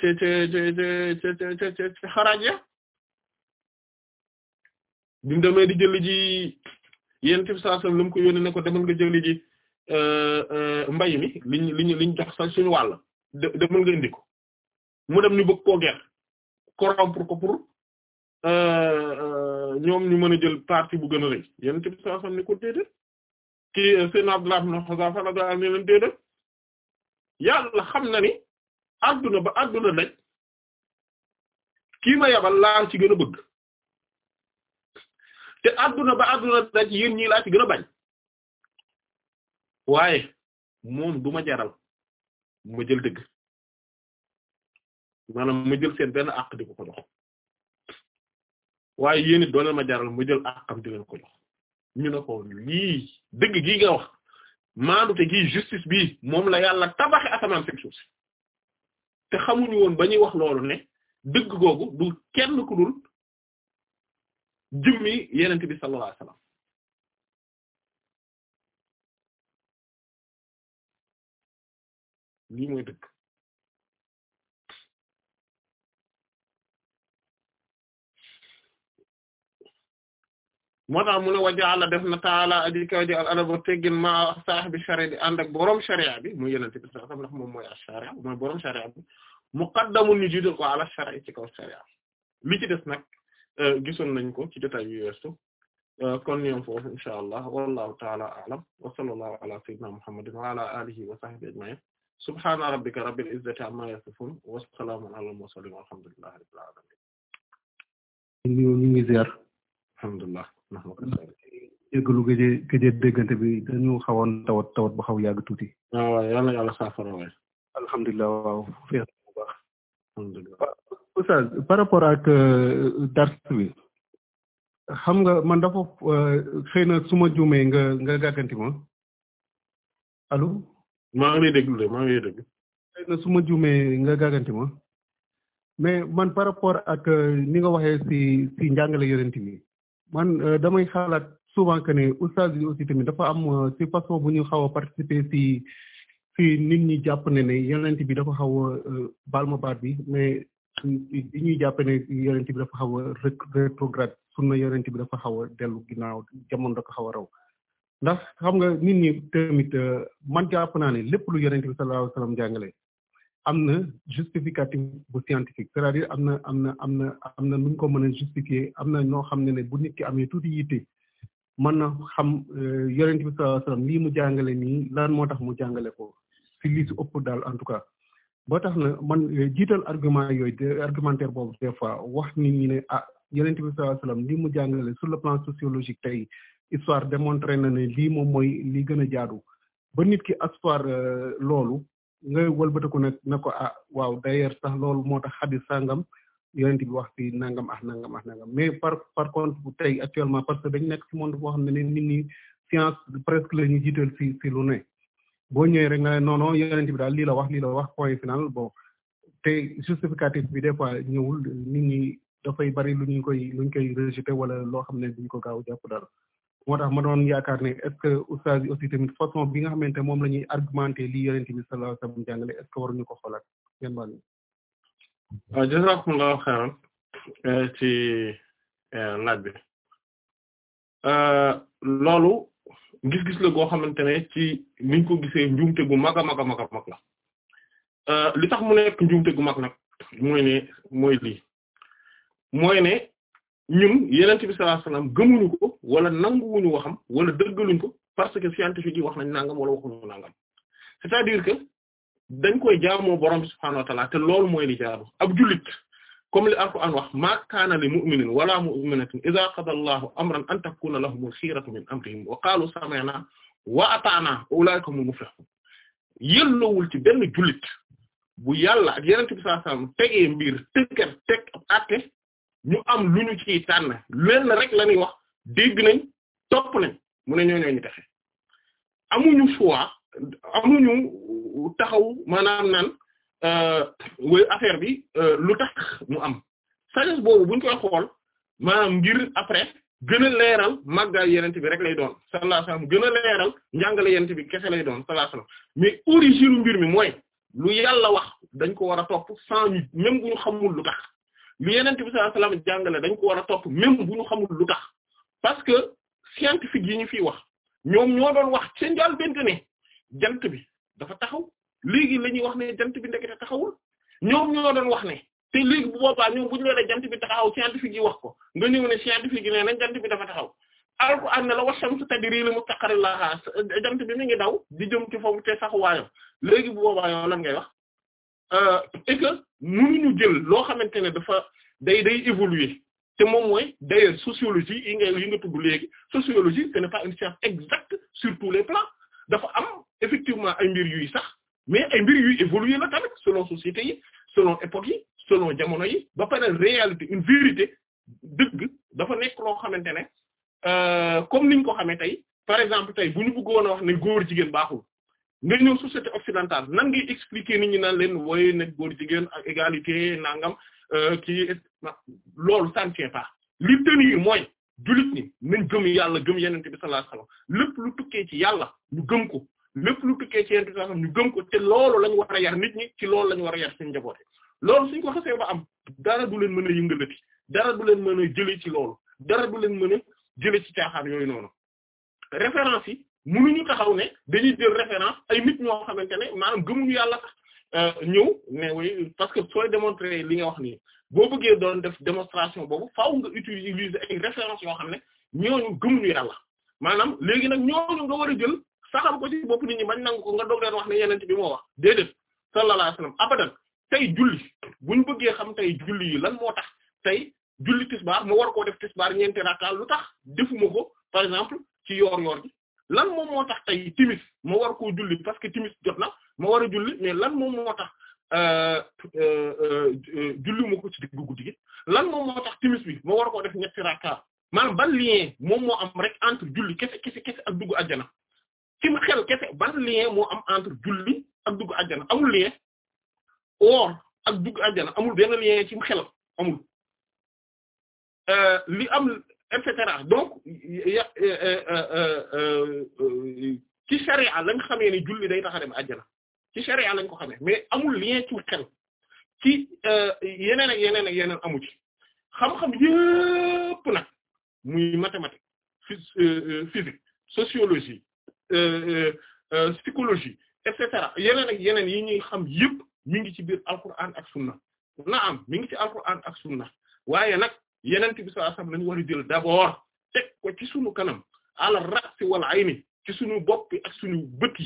te te te te te xaraaj ya bi demee di jëli ji yéen tamit saa soxna ko yónnee ne ko demal nga jël ji euh, euh, mbay mi liñ liñ liñ jox sa suñu wàll demal nga indi ko mu dem ñu bëgg koo ger corrompre ko pour euh, ñoom ñu mën a jël parti bu gën a rëy yéen tamit ni ko déedéet. kii Seydina Abdullah ibn Huzafa radiyallahu anhu leen déedéet yàlla xam na ni adduna ba adduna daj kima ma yabal laa ci bëgg te adduna ba adduna daj yéen ñii laa gën a bañ waaye moom du ma jaral ma jël dëgg maanaam ma jël seen benn àq di ko waaye yéen it dooleel ma jaral ma jël àqam di leen ñu ne ko lii dëgg gii nga wax maandu te justice bi moom la yàlla tabaxe asamaan seen suuf si te xamuñu woon ba ñuy wax loolu ne dëgg googu du kenn ku dul jëmmi yenent bi sallallahu alayhi lii mooy dëgg moo tax mu ne wajaala def na taala aji kaw ji al ma saahibi sharia bi ànd ak borom sharia mu yenente bi sallallahu moom mooy ash-sharia mooy borom sharia bi muqaddamun ñu jiital ko ala sharia ci kaw sharia li ci des nag euh, gisoon nañ ko ci détail yu weesu euh, kon ñoom foofu insha allah wallahu taala a'lam wa sallallahu ala sayyidina muhammadin wa ala alihi wa sahbihi ajma'in subhana rabbika rabbil izzati amma yasifun wa salamun ala mursalin walhamdulillahi rabbil alamin ñu ngi ziar alhamdulillah ndax ma ko jéggalu gëjee gëjee déggante bi dañu xawoon tawat tawat ba xaw yàgg tuuti. Ah, waaw waaw yal na yàlla saafara waay. alhamdulilah waaw feex bu baax. alhamdulilah par rapport ak euh, dars bi xam nga man dafa euh, xëy na su ma juumee nga nga gàgganti ma allo. maa ngi lay déglu de maa ngi déglu. xëy na su ma juumee nga gàgganti ma mais man par rapport ak euh, ni nga waxee si si njàngale yonent bi man euh, damay xalaat souvent que ne oustaz yi aussi tamit dafa am si euh, façon bu ñu xaw a participer si si nit ñi jàpp ne ne yonent bi dafa xaw a euh, baal ma baat bi mais di ñuy jàpp ne yonent bi dafa xaw a rétrograde sunna yonent bi dafa xaw a dellu ginnaaw jamono dafa xaw a raw ndax xam nga nit ñi tamit man jàpp naa ne lépp lu yonent bi sallallahu alayhi wasallam jàngale am na justificatif bu scientifique c'est-à-dire am na am na am na am na nu ko mën a justifier am na noo xam ne ne bu nit ki amee tuuti yitte mën na xam euh, yonent bi sallallahu alayhi wasallam lii mu jàngale nii lan moo tax mu jàngale ko si lii si ëpp daal en tout cas boo tax na man euh, jiital argument yooyu argumentaire boobu des fois wax nit ñi ne ah yonent bi sallallahu alayhi wasallam lii mu jàngale sur le plan sociologique tey histoire démontré na ne lii moom mooy lii gën a jaadu ba nit ki aspoir euh, loolu nga wëlbatiku nag ne ko a ah, waaw d'ailleurs sax loolu moo tax xadis sangam yonent bi wax fi nangam ax ah, nangam ah nangam mais par par contre tey actuellement parce que dañ nekk ci monde boo xam ne nit ñi science presque la ñu jiital ci ci lu ne boo ñëwee rek nga ne non non bi daal lii la wax lii la wax point final bon te justificatif bi des fois ñëwul nit ñi dafay bari lu ñu koy lu ñu koy rejeté wala loo xam ne duñ ko gaaw jàpp dara moo tax ma doon yaakaar ne est-ce que oustaz aussi tamit façon bi nga xamante moom la ñuy argumenté li yonent bi sallallahu alayhi wa sallam jàngale est-ce que waruñu ko xoolaat ngeen baal waaw ah, jazakumullahu xayran eh, ci eh, laaj bi eh, loolu gis-gis la goo xamante ne ci niñ ko gisee njuumte gu mag a mag a mag li tax mu nekk njuumte gu mag nag mooy ne ñun yenent bi sallallahu gëmuñu ko wala nanguwuñu waxam wala dëggaluñ ko parce que scientifique yi wax nañ nangam wala waxuñu nangam c'est-à-dire que dañ koy jaamoo borom bi subhaanahu wa ta'ala mooy li jaaru ab jullit comme li alquran wax ma kaana li mu'minin wala mu'minatin idha qada amran an takuna lahumul khiyaratu min amrihim wa qalu sami'na wa ata'na ulaika humul muflihun yëllowul ci benn jullit bu yàlla ak bi sallallahu alayhi wasallam tegee mbir tëgkat teg ñu am lu ñu ciy tànn lenn rek la ñuy wax dégg nañ topp nañ mu ne ñooñoo ñu texe amuñu choix amuñu taxaw maanaam naan euh, wéy affaire bi euh, lu tax mu am sagesse boobu buñ koy xool maanaam ngir après gën a leeral màggal yenent bi rek lay doon sallallahu alayhi wasallam gën a leeral njàngale yenent bi kese lay doon sallallahu alayhi wasallam mais mbir mi mooy lu yàlla wax dañ ko war a topp sans ñu même bu xamul lu tax lu yeneen bi sallallahu alayhi wasallam jàngale dañ ko war a topp même bu ñu xamul lu tax parce que scientifique yi ñu fi wax ñoom ñoo doon wax seen jàll bent ne jant bi dafa taxaw léegi la ñuy wax ne jant bi ndekete taxawul ñoom ñoo doon wax ne te léegi bu boobaa ñoom bu ñu leen jant bi taxaw scientifique yi wax ko nga ñëw ne scientifique yi nee nañ jant bi dafa taxaw. alquran ne la wasamsu tajri li mustaqarrilaha jant bi mi ngi daw di jëm ci foofu te sax léegi bu boobaa yow la ngay wax Euh, et que mënuñu jël loo xamante ne dafa day day évoluer te moom mooy d'ailleurs sociologie yi nga yi nga tudd léegi sociologie ce n'est pas une science exacte sur les plans dafa am effectivement ay mbir yuy sax mais ay mbir yuy évoluer la tamit selon société yi selon époque yi selon jamono yi ba pare réalité une vérité dëgg dafa nekk loo xamante ne euh, comme niñ ko xamee tey par exemple tey bu ñu bëggoon a wax ne góor jigéen baaxul nga ñëw société occidentale nan ngay expliquer nit ñi naan leen wooy nag góor jigéen a égalité nangam euh, kii loolu ça ne tient li tenir mooy jullit ñi nañ gëm yàlla gëm yenente bi sallallahu alayhi wasallam lépp lu tukkee ci yàlla ñu gëm ko lépp lu tukkee ci yenente bi sallallahu ñu gëm ko te loolu lañ war a yar nit ñi ci loolu lañ war a yar suñu njaboot lool suñ ko xasee ba am dara du leen mën a yëngalati dara du leen mën a ci lool dara du leen mën a jëlee ci caaxaan yooyu noonu référence mu mënuñu taxaw ne dañuy jël référence ay nit ñoo xamante ne maanaam ñu yàlla sax euh, ñëw mais oui parce que sooy démontrer li nga wax nii boo bëggee doon def démonstration boobu faaw nga utiliser ay référence yoo xam ne ñooñu gëmuñu yàlla maanaam léegi nag ñooñu nga war a jël saxal ko ci bopp nit ñi bañ nangu ko nga doog leen wax ne yeneen bi moo wax déedéet sallallahu alayhi wasallam abadan tey julli buñ bëggee xam tey julli yi lan moo tax tey julli tisbaar ma war koo def tisbaar ñeenti rakka lu tax defuma ko par exemple ci yoor yoor gi lan moom moo tax tey timis mo war koo parce que timis jot na ma war a julli mais lan moom moo tax euh, euh, euh, julli ma ko ci digg guddi gi lan moom moo tax timis bi ma war def ñetti rakka maanaam ban lien moom moo am rek entre julli kese kese kese ak lien moo am entre julli ak dugg àjjana amul lien or ak dugg àjjana amul benn lien ci xel amul li am et cetera donc ya euh, euh, euh, ci sharia lañ xamee ni julli day tax a dem àjjana ci sharia lañ ko xamee mais amul lien ci xel ci yeneen ak yeneen ak yeneen amu ci xam-xam yëpp nag muy mathématique physique sociologie psychologie et cetera yeneen ak yeneen yi ñuy xam yëpp mi ngi ci biir alquran ak sunna naam mi ngi ci alquran ak sunna waaye nag yeneen bi sallallahu alayhi wasallam lañu war a jël d'abord teg ko ci sunu kanam ala ra'si ay ayni ci sunu bopp ak sunu bët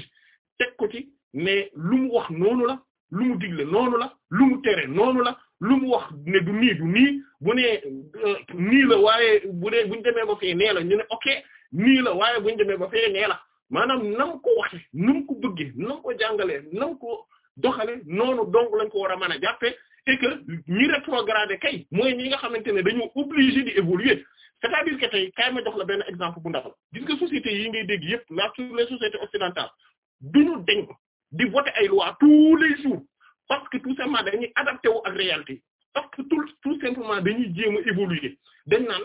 teg ko ci ne lu mu wax noonu la lu mu digle noonu la lu mu tere noonu la lu mu wax ne du nii du nii bu nee euh, nii la waaye bu dee buñ demee ba nee la ñu ne ok nii la waaye buñ demee ba fee nee la maanaam nam ko waxe nam ko bëgge nam ko jàngalee nam ko doxale noonu donc lañ ko war a mën a jàppee et que ñi rétrogradé kay mooy ñi nga xamante ne dañoo obligé di évoluer c'est-à-dire que tey kay ma jox la benn exemple bu ndax la gis yi ngay dégg yëpp la sur les sociétés occidentales duñu deñ di voter ay lois tous les jours parce que tout simplement dañuy adapté wu ak réalité parce que tout tout simplement dañuy jéem a évoluer dañ naan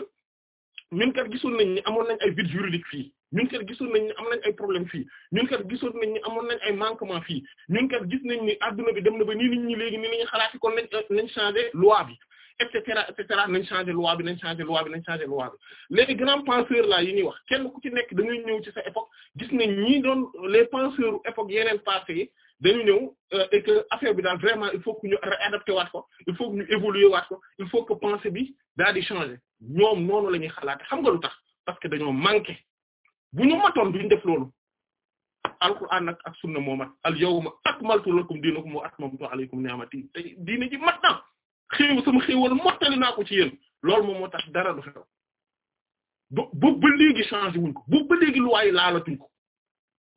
ñun kat gisoon nañ ni amoon nañ ay vide juridique fii ñun kat gisoon nañ ni am nañ ay problème fii ñun kat gisoon nañ ni amoon nañ ay manquement fii ñun kat gis nañ ni adduna bi dem na ba nii nit ñi léegi ni nañu xalaati kon nañ euh, nañ changer loi bi et cetera et cetera nañ changer loi bi nañ changer loi bi nañ changer loi bi léegi grands penseurs là yi ñuy wax kenn ku ci nekk da ngay ñëw ci sa époque gis nañ ñi doon les penseurs époque yeneen passé yi dañu ñëw euh, et bi daal vraiment il faut que ñu adapté waat ko il faut que ñu évoluer waat ko il faut que pensée bi daal di changer ñoom noonu la ñuy xalaate xam nga lu tax parce que dañoo manqué bu ñu matoon duñ def loolu alquran nag ak sunna moo mat al yawma akmaltu lakum diinakum wa atmamtu alaykum ni'mati te diine ji mat na xéew sama xéewal mottali naa ko ci yéen loolu moom moo tax dara du xew bu ba léegi changé wuñ ko bu ba léegi luwaayi laalatuñ ko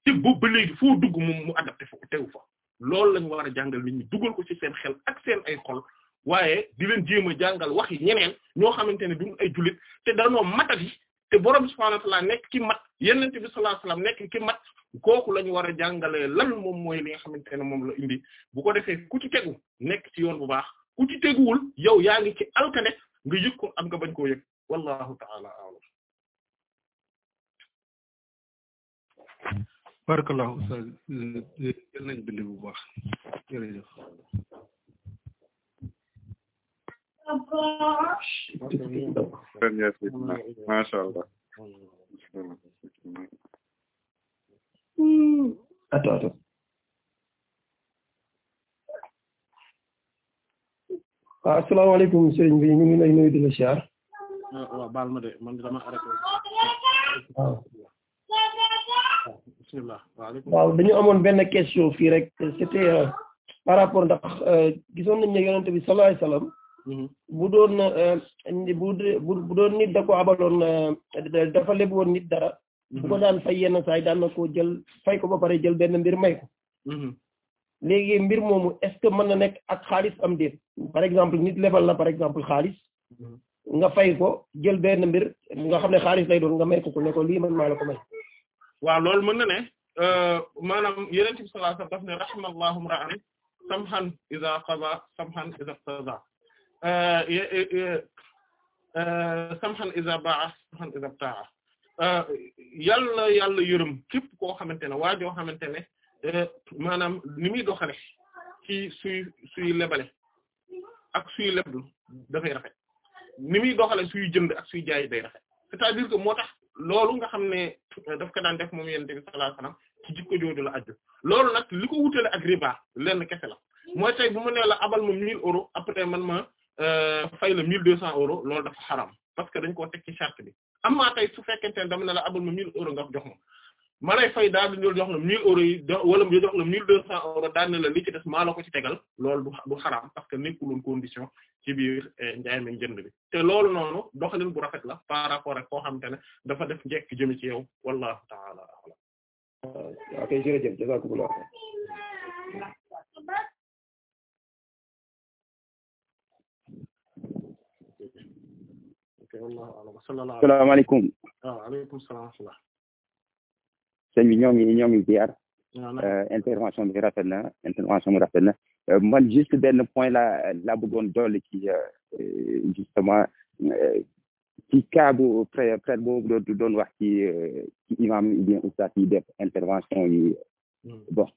ci boobu ba léegi foo dugg moom mu adapté fa teew fa loolu lañ wara a jàngal nit dugal ko ci seen xel ak seen ay xol waaye dileen leen a jàngal wax yi ñeneen ñoo xamante ne duñ ay jullit te danoo matati te borom subhaanahu wa nekk ki mat yonent bi sallallahu alayhi wasallam nekk ki mat kooku la ñu war a jàngalee lan moom mooy li nga xamante ne moom la indi bu ko defee ku ci tegu nekk ci yoon bu baax ku ci teguwul yow yaa ngi ci alkane nga yëg ko am nga bañ koo yëg wallahu ta'ala barakallahu ustaz euh, euh, jël nañ bind bu baax jërëjëf macha allah ato ato waaw asalaamaaleykum sëriñ bi ñu ngi lay nuyu waaw dañu amoon benn question fii rek c'était euh, par rapport ndax euh, gisoon nañ ne yonent bi sallallahu alayhi wasallam mm-hmm. bu doon euh, bu doon nit da ko abaloon dafa leb woon nit dara bu mm-hmm. daan fay yenn saay daan na ko jël fay ko ba pare jël benn mbir may ko mm-hmm. léegi mbir moomu est-ce que mën na nekk ak xaalis am déet par exemple nit lebal la par exemple xaalis nga fay ko jël benn mbir nga xam ne xaalis lay doon nga may ko ko ne ko lii man maa la ko may waaw loolu mën na ne Euh, maanaam yeneen bi sallallahu alayhi wasallam daf ne rahimallahu imra'an samhan idha qada samhan idha qada euh, euh, samhan idha ba'a samhan idha ta'a yàlla yàlla yërëm képp koo xamante ne waa joo xamante ne maanaam ni muy doxale ci suy suy lebale ak suy leblu dafay rafet ni muy doxale suy jënd ak suy jaay day rafet c'est-à-dire que moo tax loolu nga xam ne daf ko daan def moom yonent bi sallallahu alayhi ci jikko jooju la aju loolu nag li ko wutale ak riba lenn kese la mooy tey bu ma nee la abal ma 1000 euros après man ma euh, fay la 1200 euros loolu dafa xaram parce que dañ koo teg ci charte bi am naa ne dama la abal ma 1000 euros jox ma ma lay fay daal di jox jox la 1200 euros daal ne la li ko ci tegal loolu du du xaraam parce que nekkuloon condition ci biir euh, njaay meeg jënd bi te loolu noonu doxalin bu rafet la par rapport ak koo xamante ne dafa def njekk jëme ci yow wallahu ta'ala waaw ah, kay jërëjëf jazakumullah salaamaaleykum waaleykum ah, salaam sëñ bi ñoo ngi ñoo ngi ziar euh, intervention bi rafet na intervention bi rafet na euh, man juste benn point la la bëggoon dolli ci euh, justement ci cas bu pré doon wax ci ci imam ou bien oustaz yi yi hmm. bon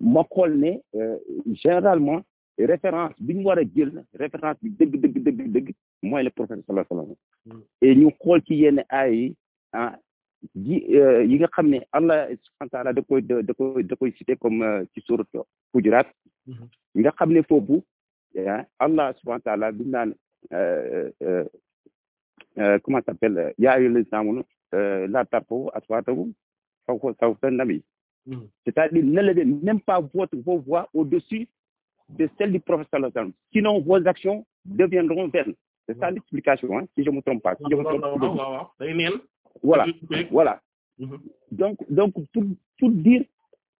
ma xool ne euh, généralement référence bi ñu war a jël référence bi dëgg dëgg dëgg dëgg le prophète sallallahu alayhi wa hmm. ñu xool ci yenn aay yi ah, ji euh, yi nga xam ne Allah subhanahu wa taala da koy da koy da koy cité comme euh, ci sourate hmm. nga xam ne foofu ah Allah subhanahu taala bi naan comment ça s'appelle yaa ayyuhal lazina aamanu laa tarfa'u aswaatakum fawqa nabi c'est-à-dire n'élevez même pas votre vos voix au-dessus de celle du prophète sallallahu alayhi wa sallam sinon vos actions deviendront vaines c'est ça l'explication hein si je me trompe pas si je me trompe voilà voilà donc donc pour pour dire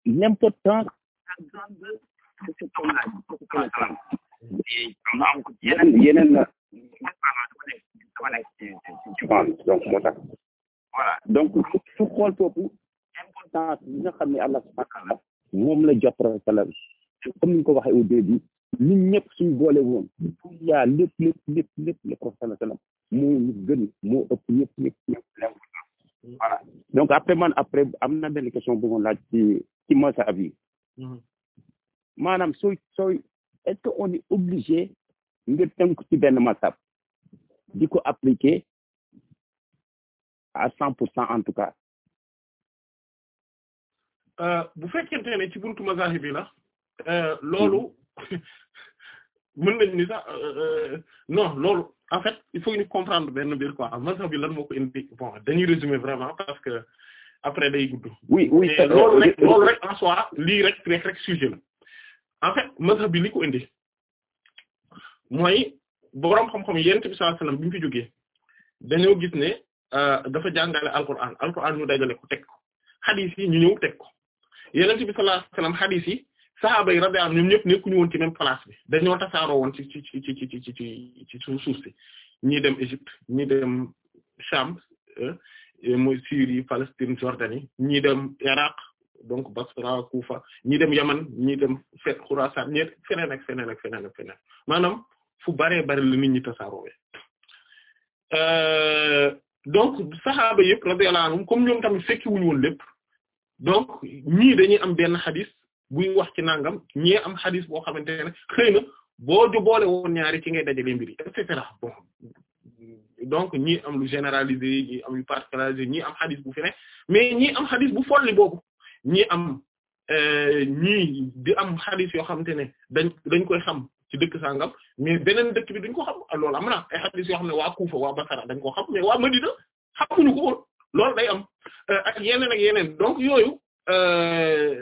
l'importance de ce qu'on a yeneen yeneen dama nekk ci ci donc moo tax. voilà donc su xool foofu importance bi nga xam ne Allah subhanahu wa taala moom la jot rek comme ni ñu ko waxee au début ñun ñëpp suñu boole woon yaa lépp lépp lépp lépp la ko sallallahu alayhi wasallam moo ñu gën moo ëpp ñëpp ñëpp ñëpp voilà donc après man après am na benn question bu ma laaj ci ci masa bi mm-hmm. maanaam sooy sooy est-ce que on est obligé nga tënk ci benn masab di ko appliquer à cent pour cent en tout cas euh, bu fekkente ne ci buntu mazahib bi la euh, loolu (laughs) mën nañ ni sax euh, non loolu en fait il faut ñu comprendre benn mbir quoi mazhab bi lan moo ko indi bon dañuy résumer vraiment parce que après day gudd oui oui loolu rek loolu rek en soi lii rek rek rek la en fait mazhab bi li ko indi mooy boroom xam-xam yent bi sallallahu alayhi wasallam bi mu fi jógee dañoo gis ne euh, dafa jàngale alquran alquran ñu dajale ko teg ko xadis yi ñu ñëw teg ko yonent bi sallallahu alayhi wasallam xadis yi saxaaba yi radiyallahu anhum ñoom ñëpp nekkuñu woon ci même place bi dañoo tasaaroo woon ci ci ci ci ci ci ci ci suuf si ñii dem Égypte ñii dem Sham euh, mooy Syrie Palestine Jordanie ñii dem Irak donc Basra Kufa ñii dem Yaman ñii dem Fet Khurasan ñeent feneen ak feneen ak feneen ak feneen maanaam fu baree bari la nit ñi tasaaroowee euh, donc saxaaba yëpp radiyallahu anhum comme ñoom tamit fekki wuñu woon lépp donc ñii dañuy am benn xadis buy wax ci nangam ñi am xadis boo xamante ne boo ju woon ñaari ci ngay dajale mbir yi donc ñii am lu généralisé ñii am lu particularisé ñii am xadis bu fi mais ñi am xadis bu folli boobu ñii am euh, ñii di am xadis yoo xamante ne dañ dañ koy xam ci dëkk sàngam mais beneen dëkk bi duñ ko xam loolu am na ay hadith yoo xam ne waa Kufa waa Basra dañ ko xam mais waa Madina xamuñu ko woon loolu day am euh, ak yeneen ak yeneen donc yooyu euh,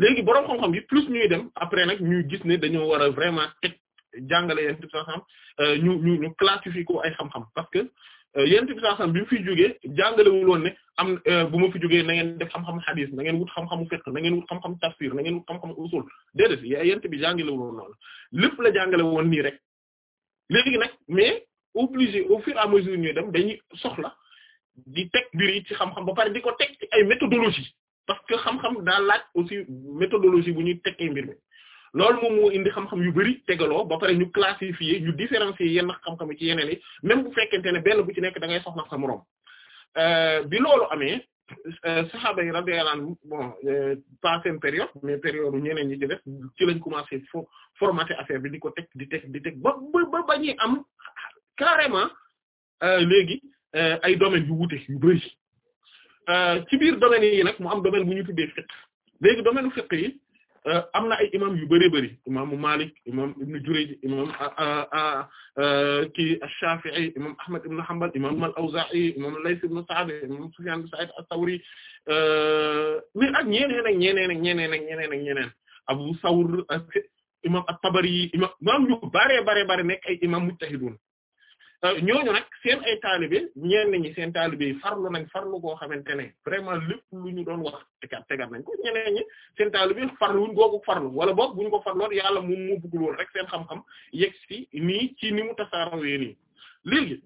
léegi boroom xam-xam yi plus ñuy dem après nag ñuy gis ne dañoo war a vraiment teg jàngale yenn ci euh, ñu ñu ñu ko ay xam-xam parce que Euh, yonent bi sallallahu alayhi wasallam bi mu fi jógee woon ne am euh, bu ma fi jógee na ngeen def xam-xam xadiis na ngeen wut xam-xamu fiqh na ngeen wut xam-xam tafsir na ngeen wut xam-xam usul déedéet yonent bi jàngalewul woon noonu lépp la jàngale woon nii rek léegi nag mais obligé au fur et à mesure ñuy dem dañuy soxla di teg mbir yi ci xam-xam ba pare di ko teg ay méthodologie parce que xam-xam daa laaj aussi méthodologie bu ñuy teg ay mbir mi loolu moom moo indi xam-xam yu bari tegaloo ba pare ñu classifier ñu différencier yenn xam-xam ci yeneen yi même bu fekkente ne benn bu ci nekk da ngay soxla sa moroom euh, bi loolu amee euh, saxaaba yi radiyallahu anhum euh, pas seen période mais période ñeneen ñi ci def ci lañ commencé fo formater affaire bi di ko teg di teg di teg ba ba ba ñuy am carrément léegi ay domaines yu wuute yu bari ci biir domaines yi nag mu am domaine bu ñu tuddee fiqh léegi domaine fiqh yi. Euh, am na ay imam yu bari bari imaamu Malik imam Ibn Jurayj imam ah, ah, ah, euh, kii Shafi'i imam Ahmad ibn Hanbal imam al-Awza'i imam Layth ibn Sa'd imam Sufyan ibn Sa'id ath-Thawri euh, mais ak ñeneen ak ñeneen ak ñeneen ak ñeneen ak ñeneen Abu Thawr imam at-Tabari imam imam yu bare bare bare nekk ay imam mujtahidun Euh, ñooñu nag seen ay taalibe ñenn ñi seen taalibe yi farlu nañ farlu goo xamante ne vraiment lépp ñu doon wax tegaat tegaat nañ ko ñeneen ñi seen taalibe farlu wuñ googu farlu wala boog buñ ko farloon yàlla moom moo bëggul woon rek seen xam-xam yegg si nii ci ni mu tasaarawee nii léegi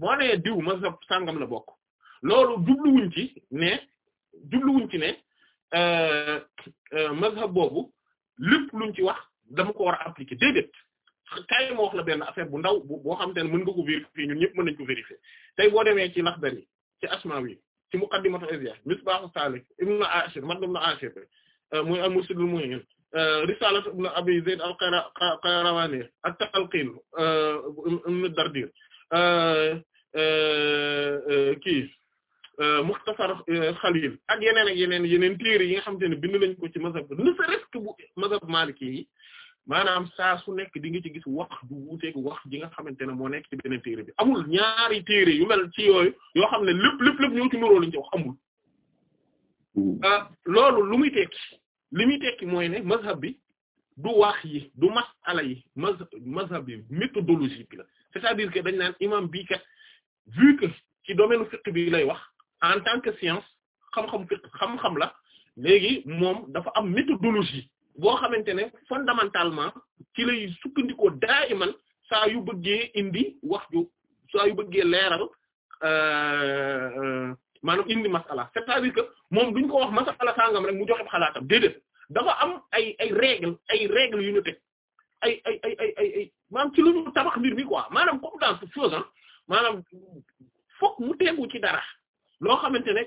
boo nee diw mazhab sàngam la bokk loolu jubluwuñ ci ne jubluwuñ ci ne euh, euh, mazhab boobu lépp luñ ci wax dama ko war a appliquer déedéet kay ma benn affaire bu ndaw boo xam te ne mën nga ko vérifier ñun ñëpp mën nañu ko vérifier tey boo demee ci Laxdari ci Asmawi ci Muqaddimatu Izyah Misbah Salik Ibn Ashir Mad ibn Ashir euh, muy al-Murshid al-Mu'in euh, Risalat ibn Abi Zayd al-Qayrawani at-Talqin euh, ibn Dardir kii Mukhtasar Khalil ak yeneen ak yeneen yeneen téere yi nga xam te bind nañ ko ci mazhab ne serait-ce que bu mazhab Maliki yi maanaam saa su nekk di nga ci gis wax du wuuteeg wax ji nga xamante ne moo nekk ci beneen téere bi amul ñaari téere yu mel ci yooyu yoo xam ne lépp lépp lépp ñoo ci nuróo lañu ci wax amul mm-hmm. euh, loolu lu muy tekki li muy tekki mooy ne mazhab bi du wax yi du masala yi ma mazhab bi méthodologie bi la c'est-à-dire que dañ naan imam bii kat vu que ci domaine fiqh bi lay wax en tant que science xam-xam xam-xam la léegi moom dafa am méthodologie boo xamante ne fondamentalement ci lay sukkandikoo daa man saa yu bëggee indi wax ju saa yu bëggee leeral euh, euh, maanaam indi masala cest à moom duñ ko wax masala sangam rek mu joxe xalaatam déedéet dafa am ay ay règle ay règle yu ñu ay ay ay ay ci lu ñu tabax mbir mi quoi maanaam comme dans ce maanam ah fokk mu tegu ci dara loo xamante ne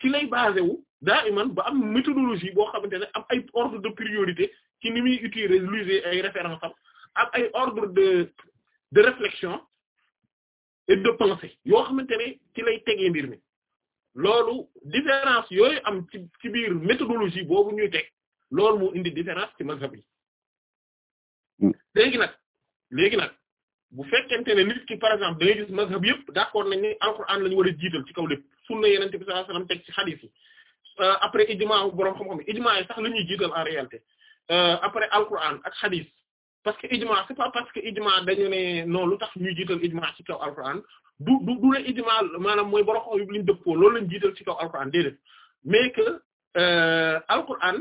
ci lay basé daa iman ba am méthodologie boo xamante ne am ay ordre de priorité ci ni muy utiliser ay références am am ay ordre de de réflexion et de pensée yoo xamante ne ci lay tegee mbir mi loolu différence yooyu am ci biir méthodologie boobu ñuy teg loolu moo indi différence ci mazhab yi hmm. léegi nag léegi nag bu fekkente ne nit ki par exemple da ngay gis mazhab yëpp d'accord nañ ne alxuraan la ñu war a ci kaw lépp sunna yonent bi a alayhi wasallam teg ci hadith Euh, après ijmaa borom xam-xam ijmaa yi sax la ñuy jiital en réalité euh, après alquran ak hadith parce que ijmaa c'est pas parce que ijmaa dañu ne non lu tax ñuy jiital ijmaa ci kaw alquran du du du la ijmaa maanaam mooy borom xam-xam li ñu dëppoo loolu lañ jiital ci kaw alquran déedéet mais que euh, alquran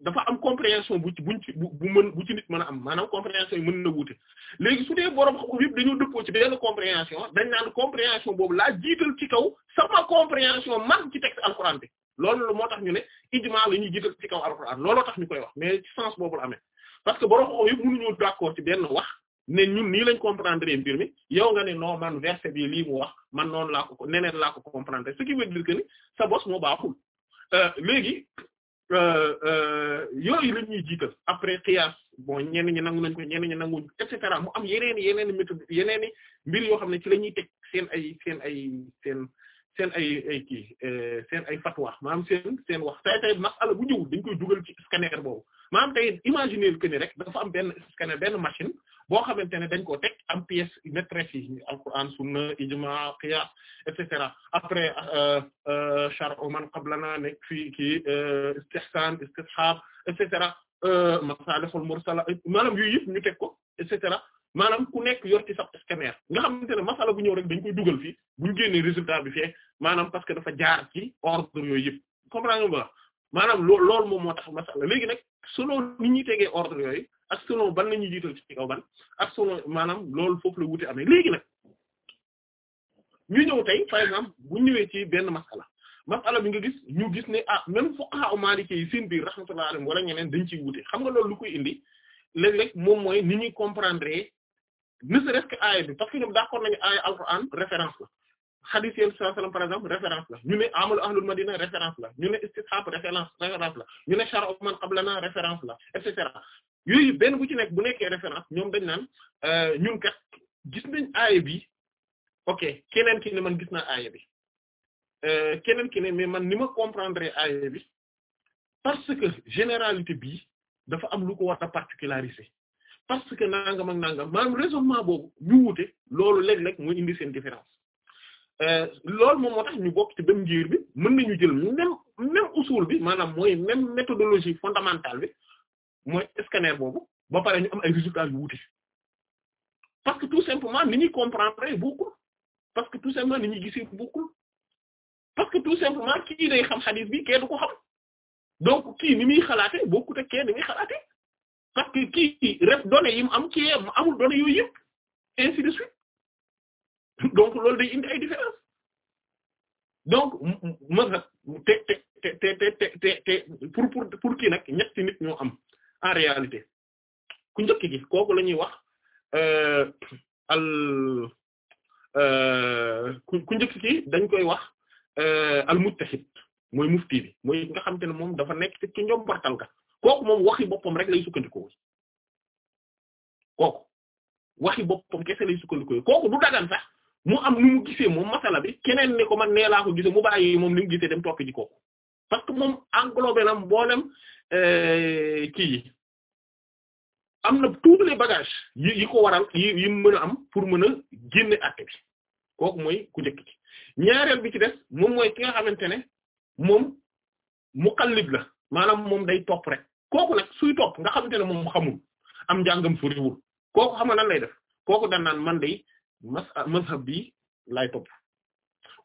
dafa am compréhension bu ci ci bu mën bu ci nit mën a am maanaam compréhension yi mën na wuute léegi su dee borom xam-xam yëpp dañoo dëppoo ci benn compréhension dañ naan compréhension boobu laa jiital ci kaw sama compréhension man ci texte bi loolu la moo tax ñu ne ijmaa la ñuy jiital ci kaw alxuraan looloo tax ñu koy wax mais ci sens boobu la amee parce que borom xoxo yëpp mënuñu d'accord ci benn wax ne ñun nii lañ comprendre mbir mi yow nga ne non man verset bi lii mu wax man noonu laa ko neneen laa ko comprendre ce qui veut dire que ni sa bos moo baaxul euh, léegi euh, euh, yooyu la ñuy jiital après xiyaas bo ñenn ñi nangu nañ ko ñenn ñi nanguñ et cetera mu am yeneen yeneen méthode yeneen i mbir yoo xam ne ci la ñuy teg seen ay seen ay seen ay ay kii euh, seen ay fatwa maanaam seen seen wax tey masala bu ñëw dañ koy dugal ci scanner boobu maanaam tey imaginer que ni rek dafa am benn scanner benn machine boo xamante ne dañ koo teg am pièce maîtresse yi alquran sunna ijma qiyas et cetera après euh, euh, shar'u man qablana nekk fii kii istihsan istishab et cetera masalihul mursala maanaam yooyu yëpp ñu teg ko et cetera maanaam ku nekk yor ci sax scanner nga xamante ne masala bu ñëw rek dañ koy dugal fii buñ génnee résultat bi fee maanaam parce que dafa jaar ci ordre yooyu yëpp comprendre nga ba maanaam loo loolu moom moo tax masala léegi nag selon ni ñuy tegee ordre yooyu ak selon ban la ñuy jiital ci kaw ban ak selon maanaam loolu foofu la wute amee léegi nag ñu ñëw tey par exemple bu ñëwee ci benn masala masala bi nga gis ñu gis ne ah même fuqaha maliki yi seen biir rahmatullahi alayhim wala ñeneen dañ ciy wute xam nga loolu lu koy indi léeg-léeg moom mooy ni ñuy comprendre ne serait-ce bi parce que ñoom d'accord nañu aaya alxuraan référence la hadith yi sallallahu alayhi par exemple référence la ñu ne amalu ahlul madina référence la ñu ne istishab référence référence la man qablana référence la et cetera benn bu ci nekk bu nekkee référence ñoom dañ naan euh, ñun kat gis nañ aaya bi ok keneen ki ne man gis na aaya bi euh, keneen ki ne mais man nima ma comprendre aaya bi parce que généralité bi dafa am lu ko war a parce que nangam ak nangam maanaam raisonnement boobu ñu wute loolu léeg-léeg mooy indi différence euh, loolu moom moo tax ñu bokk ci benn njiir bi mën nañu jël même même usul bi maanaam mooy même méthodologie fondamentale bi mooy scanner boobu ba pare ñu am ay résultats yu wute parce que tout simplement ni ñuy comprendre bokkul parce que tout simplement ni ñuy gisee bokkul parce que tout simplement kii day xam xadis bi kee du ko xam ni muy xalaate bokkut parce que kii rek données yi am kii mu amul données yooyu yëpp ainsi de suite donc loolu day indi ay différence donc mazhab te te te te te pour pour pour kii nag ñetti am en réalité ku njëkk gi kooku la ñuy wax euh, al euh, ku njëkk dañ koy wax euh, al mujtahid mooy mufti bi mooy nga xam ne moom dafa nekk ci njombartal kooku moom waxi boppam rek lay sukkandikoo kooku waxi boppam kese lay sukkandikoo kooku du dagan sax mu am nu mu gisee moom masala bi keneen ne ko man nee laa ko gisee mu bàyyi moom ni mu gisee dem topp ji kooku parce que moom englobé na mboolem euh, kii yi am na tous les bagages yi yi ko waral yi yi mën a am pour mën a génne àtte bi kooku mooy ku njëkk ci ñaareel bi ci des moom mooy ki nga xamante ne moom muqallib la maanaam moom day topp rek kooku nag suy topp nga xamante ne moom xamul am njàngam soriwul kooku xam nga nan lay def kooku dan naan man de mas ah mazhab bi laay topp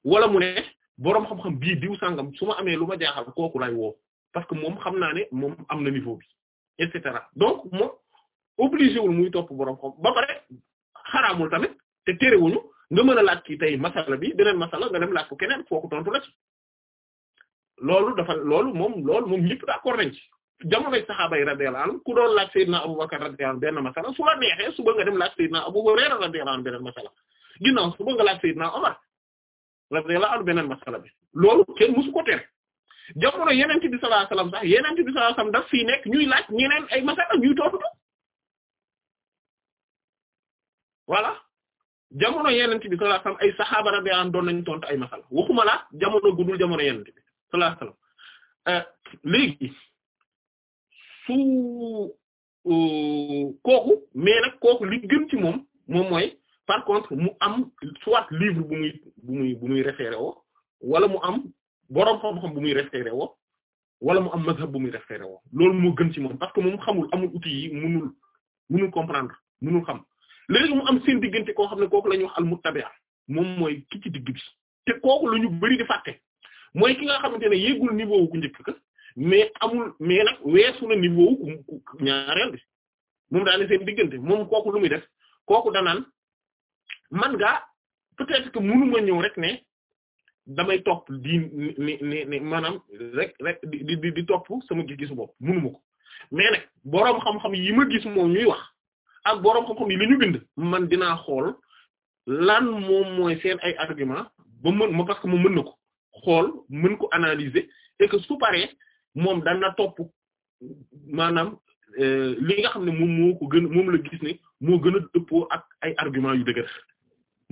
wala mu ne boroom xam-xam bii diw sangam su ma amee lu ma jaaxal kooku lay wo parce que moom xam naa ne moom am na niveau bi et cetera donc moom obligé wul muy topp boroom xam ba pare xaraamul tamit te terewuñu nga mën a laaj ki tey masala bi beneen masala nga dem laaj ko keneen foo ko tontu la ci loolu dafa loolu moom loolu moom ñëpp d'accord nañ jamonoy saxaaba yi radiyallahu anhu ku doon laaj Seydina Abubakar radiyallahu anhu benn beneen masala ginnaaw suba nga laaj Seydina Omar radiyallahu anhu beneen masala bi loolu kenn musu ko tere yeneen ci bi sallallahu alayhi sax daf fii nekk ñuy laaj ñeneen ay masala ñuy tontu voilà jamono yeneen ci bi sallallahu alayhi wasallam ay saxaaba jamono gudul jamono euh, léegi su euh, kooku mais nag kooku li gën ci moom moom mooy par contre mu am soit livre bu muy bu muy bu muy référé woo wala mu am boroom xam-xam bu muy référé woo wala mu am mazhab bu muy référé woo loolu moo gën ci moom parce que moom xamul amul outils yi munul munul comprendre munul xam léegi mu am seen diggante koo xam ne kooku la ñuy wax al muttabi' moom mooy ki ci digg bi te kooku lu ñu bari di fàtte mooy ki nga xamante ne yéegul niveau ku njëkk mais amul mais nag weesu na niveau ku ñaareel bi moom daal di seen diggante moom kooku lu muy def kooku danaan man gaa peut-être que mënu ma ñëw rek ne damay topp di ni maanaam rek rek di topp sama gis-gisu bopp mënu ma ko mais boroom xam-xam yi ma gis moom ñuy wax ak boroom xam-xam yi li bind man dinaa xool lan moom mooy seen ay argument ba mën ma parce que mu mën na ko xool mën ko analyser et que su paree moom dana topp maanaam euh, li nga xam ne moom moo ko gën moom la gis ne moo gën a dëppoo ak ay argument yu dëgër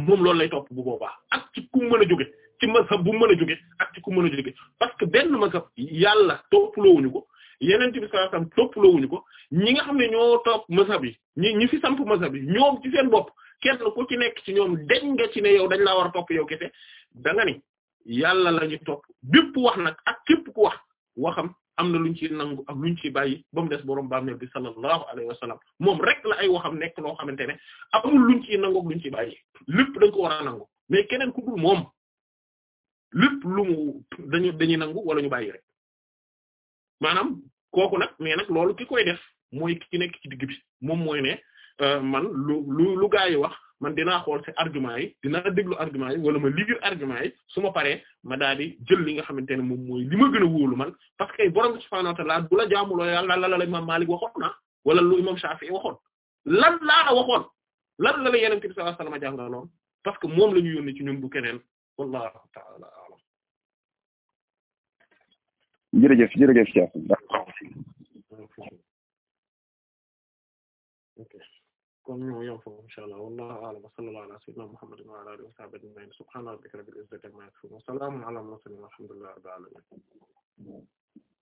moom loolu lay topp bu boobaa ak ci ku mën a jóge ci mazhab bu mën a jóge ak ci mën a jóge parce que benn mazhab yàlla topploowuñu ko yeneen ci bi sallallahu alayhi wasallam topploowuñu ko ñi nga xam ne ñoo topp mazhab yi ñi ñi fi samp mazhab yi ñoom ci seen bopp kenn ku ci nekk ci ñoom deñ nga ci ne yow dañ laa war a topp yow kese da nga ni yàlla la ñu topp bépp wax nag ak képp ku wax waxam am na luñ ci nangu ak luñ ci bàyyi ba mu des borom bàmmeel bi sallallahu alayhi wa sallam moom rek la ay waxam nekk loo xamante ne amul luñ ciy nangu ak luñ ci bàyyi lépp dañ ko war a nangu mais keneen ku moom lépp lu mu dañu dañuy nangu wala ñu bàyyi rek maanaam kooku nag mais nag loolu ki koy def mooy ki nekk ci digg bi moom mooy ne euh, man lu lu lu gaa yi wax man dinaa xool ci argument yi dinaa déglu argument yi wala ma liggéey argument yi su ma paree ma daal jël li nga xamante ne moom mooy li ma gën a wóolu man parce que borom subhaanahu wa ta'aala bu la jaamuloo yàlla la la imaam Maalik waxoon na ah? wala lu imaam Shaafi'i waxoon lan laa la waxoon lan la la Yonent bi sallallahu a wa parce que moom la ñu yónnee ci ñun du keneen wallaahu ta'aala a'lam. jërëjëf jërëjëf Cheikh. comme ñoom yam foofu insha allah wallahu a'lam wa sallallahu ala sayyidina muhammadin wa ala alihi wa sahbihi ajma'in subhana rabbika rabbil izzati amma yasifun wa salamun ala al mursalin walhamdulillahi rabbil alamin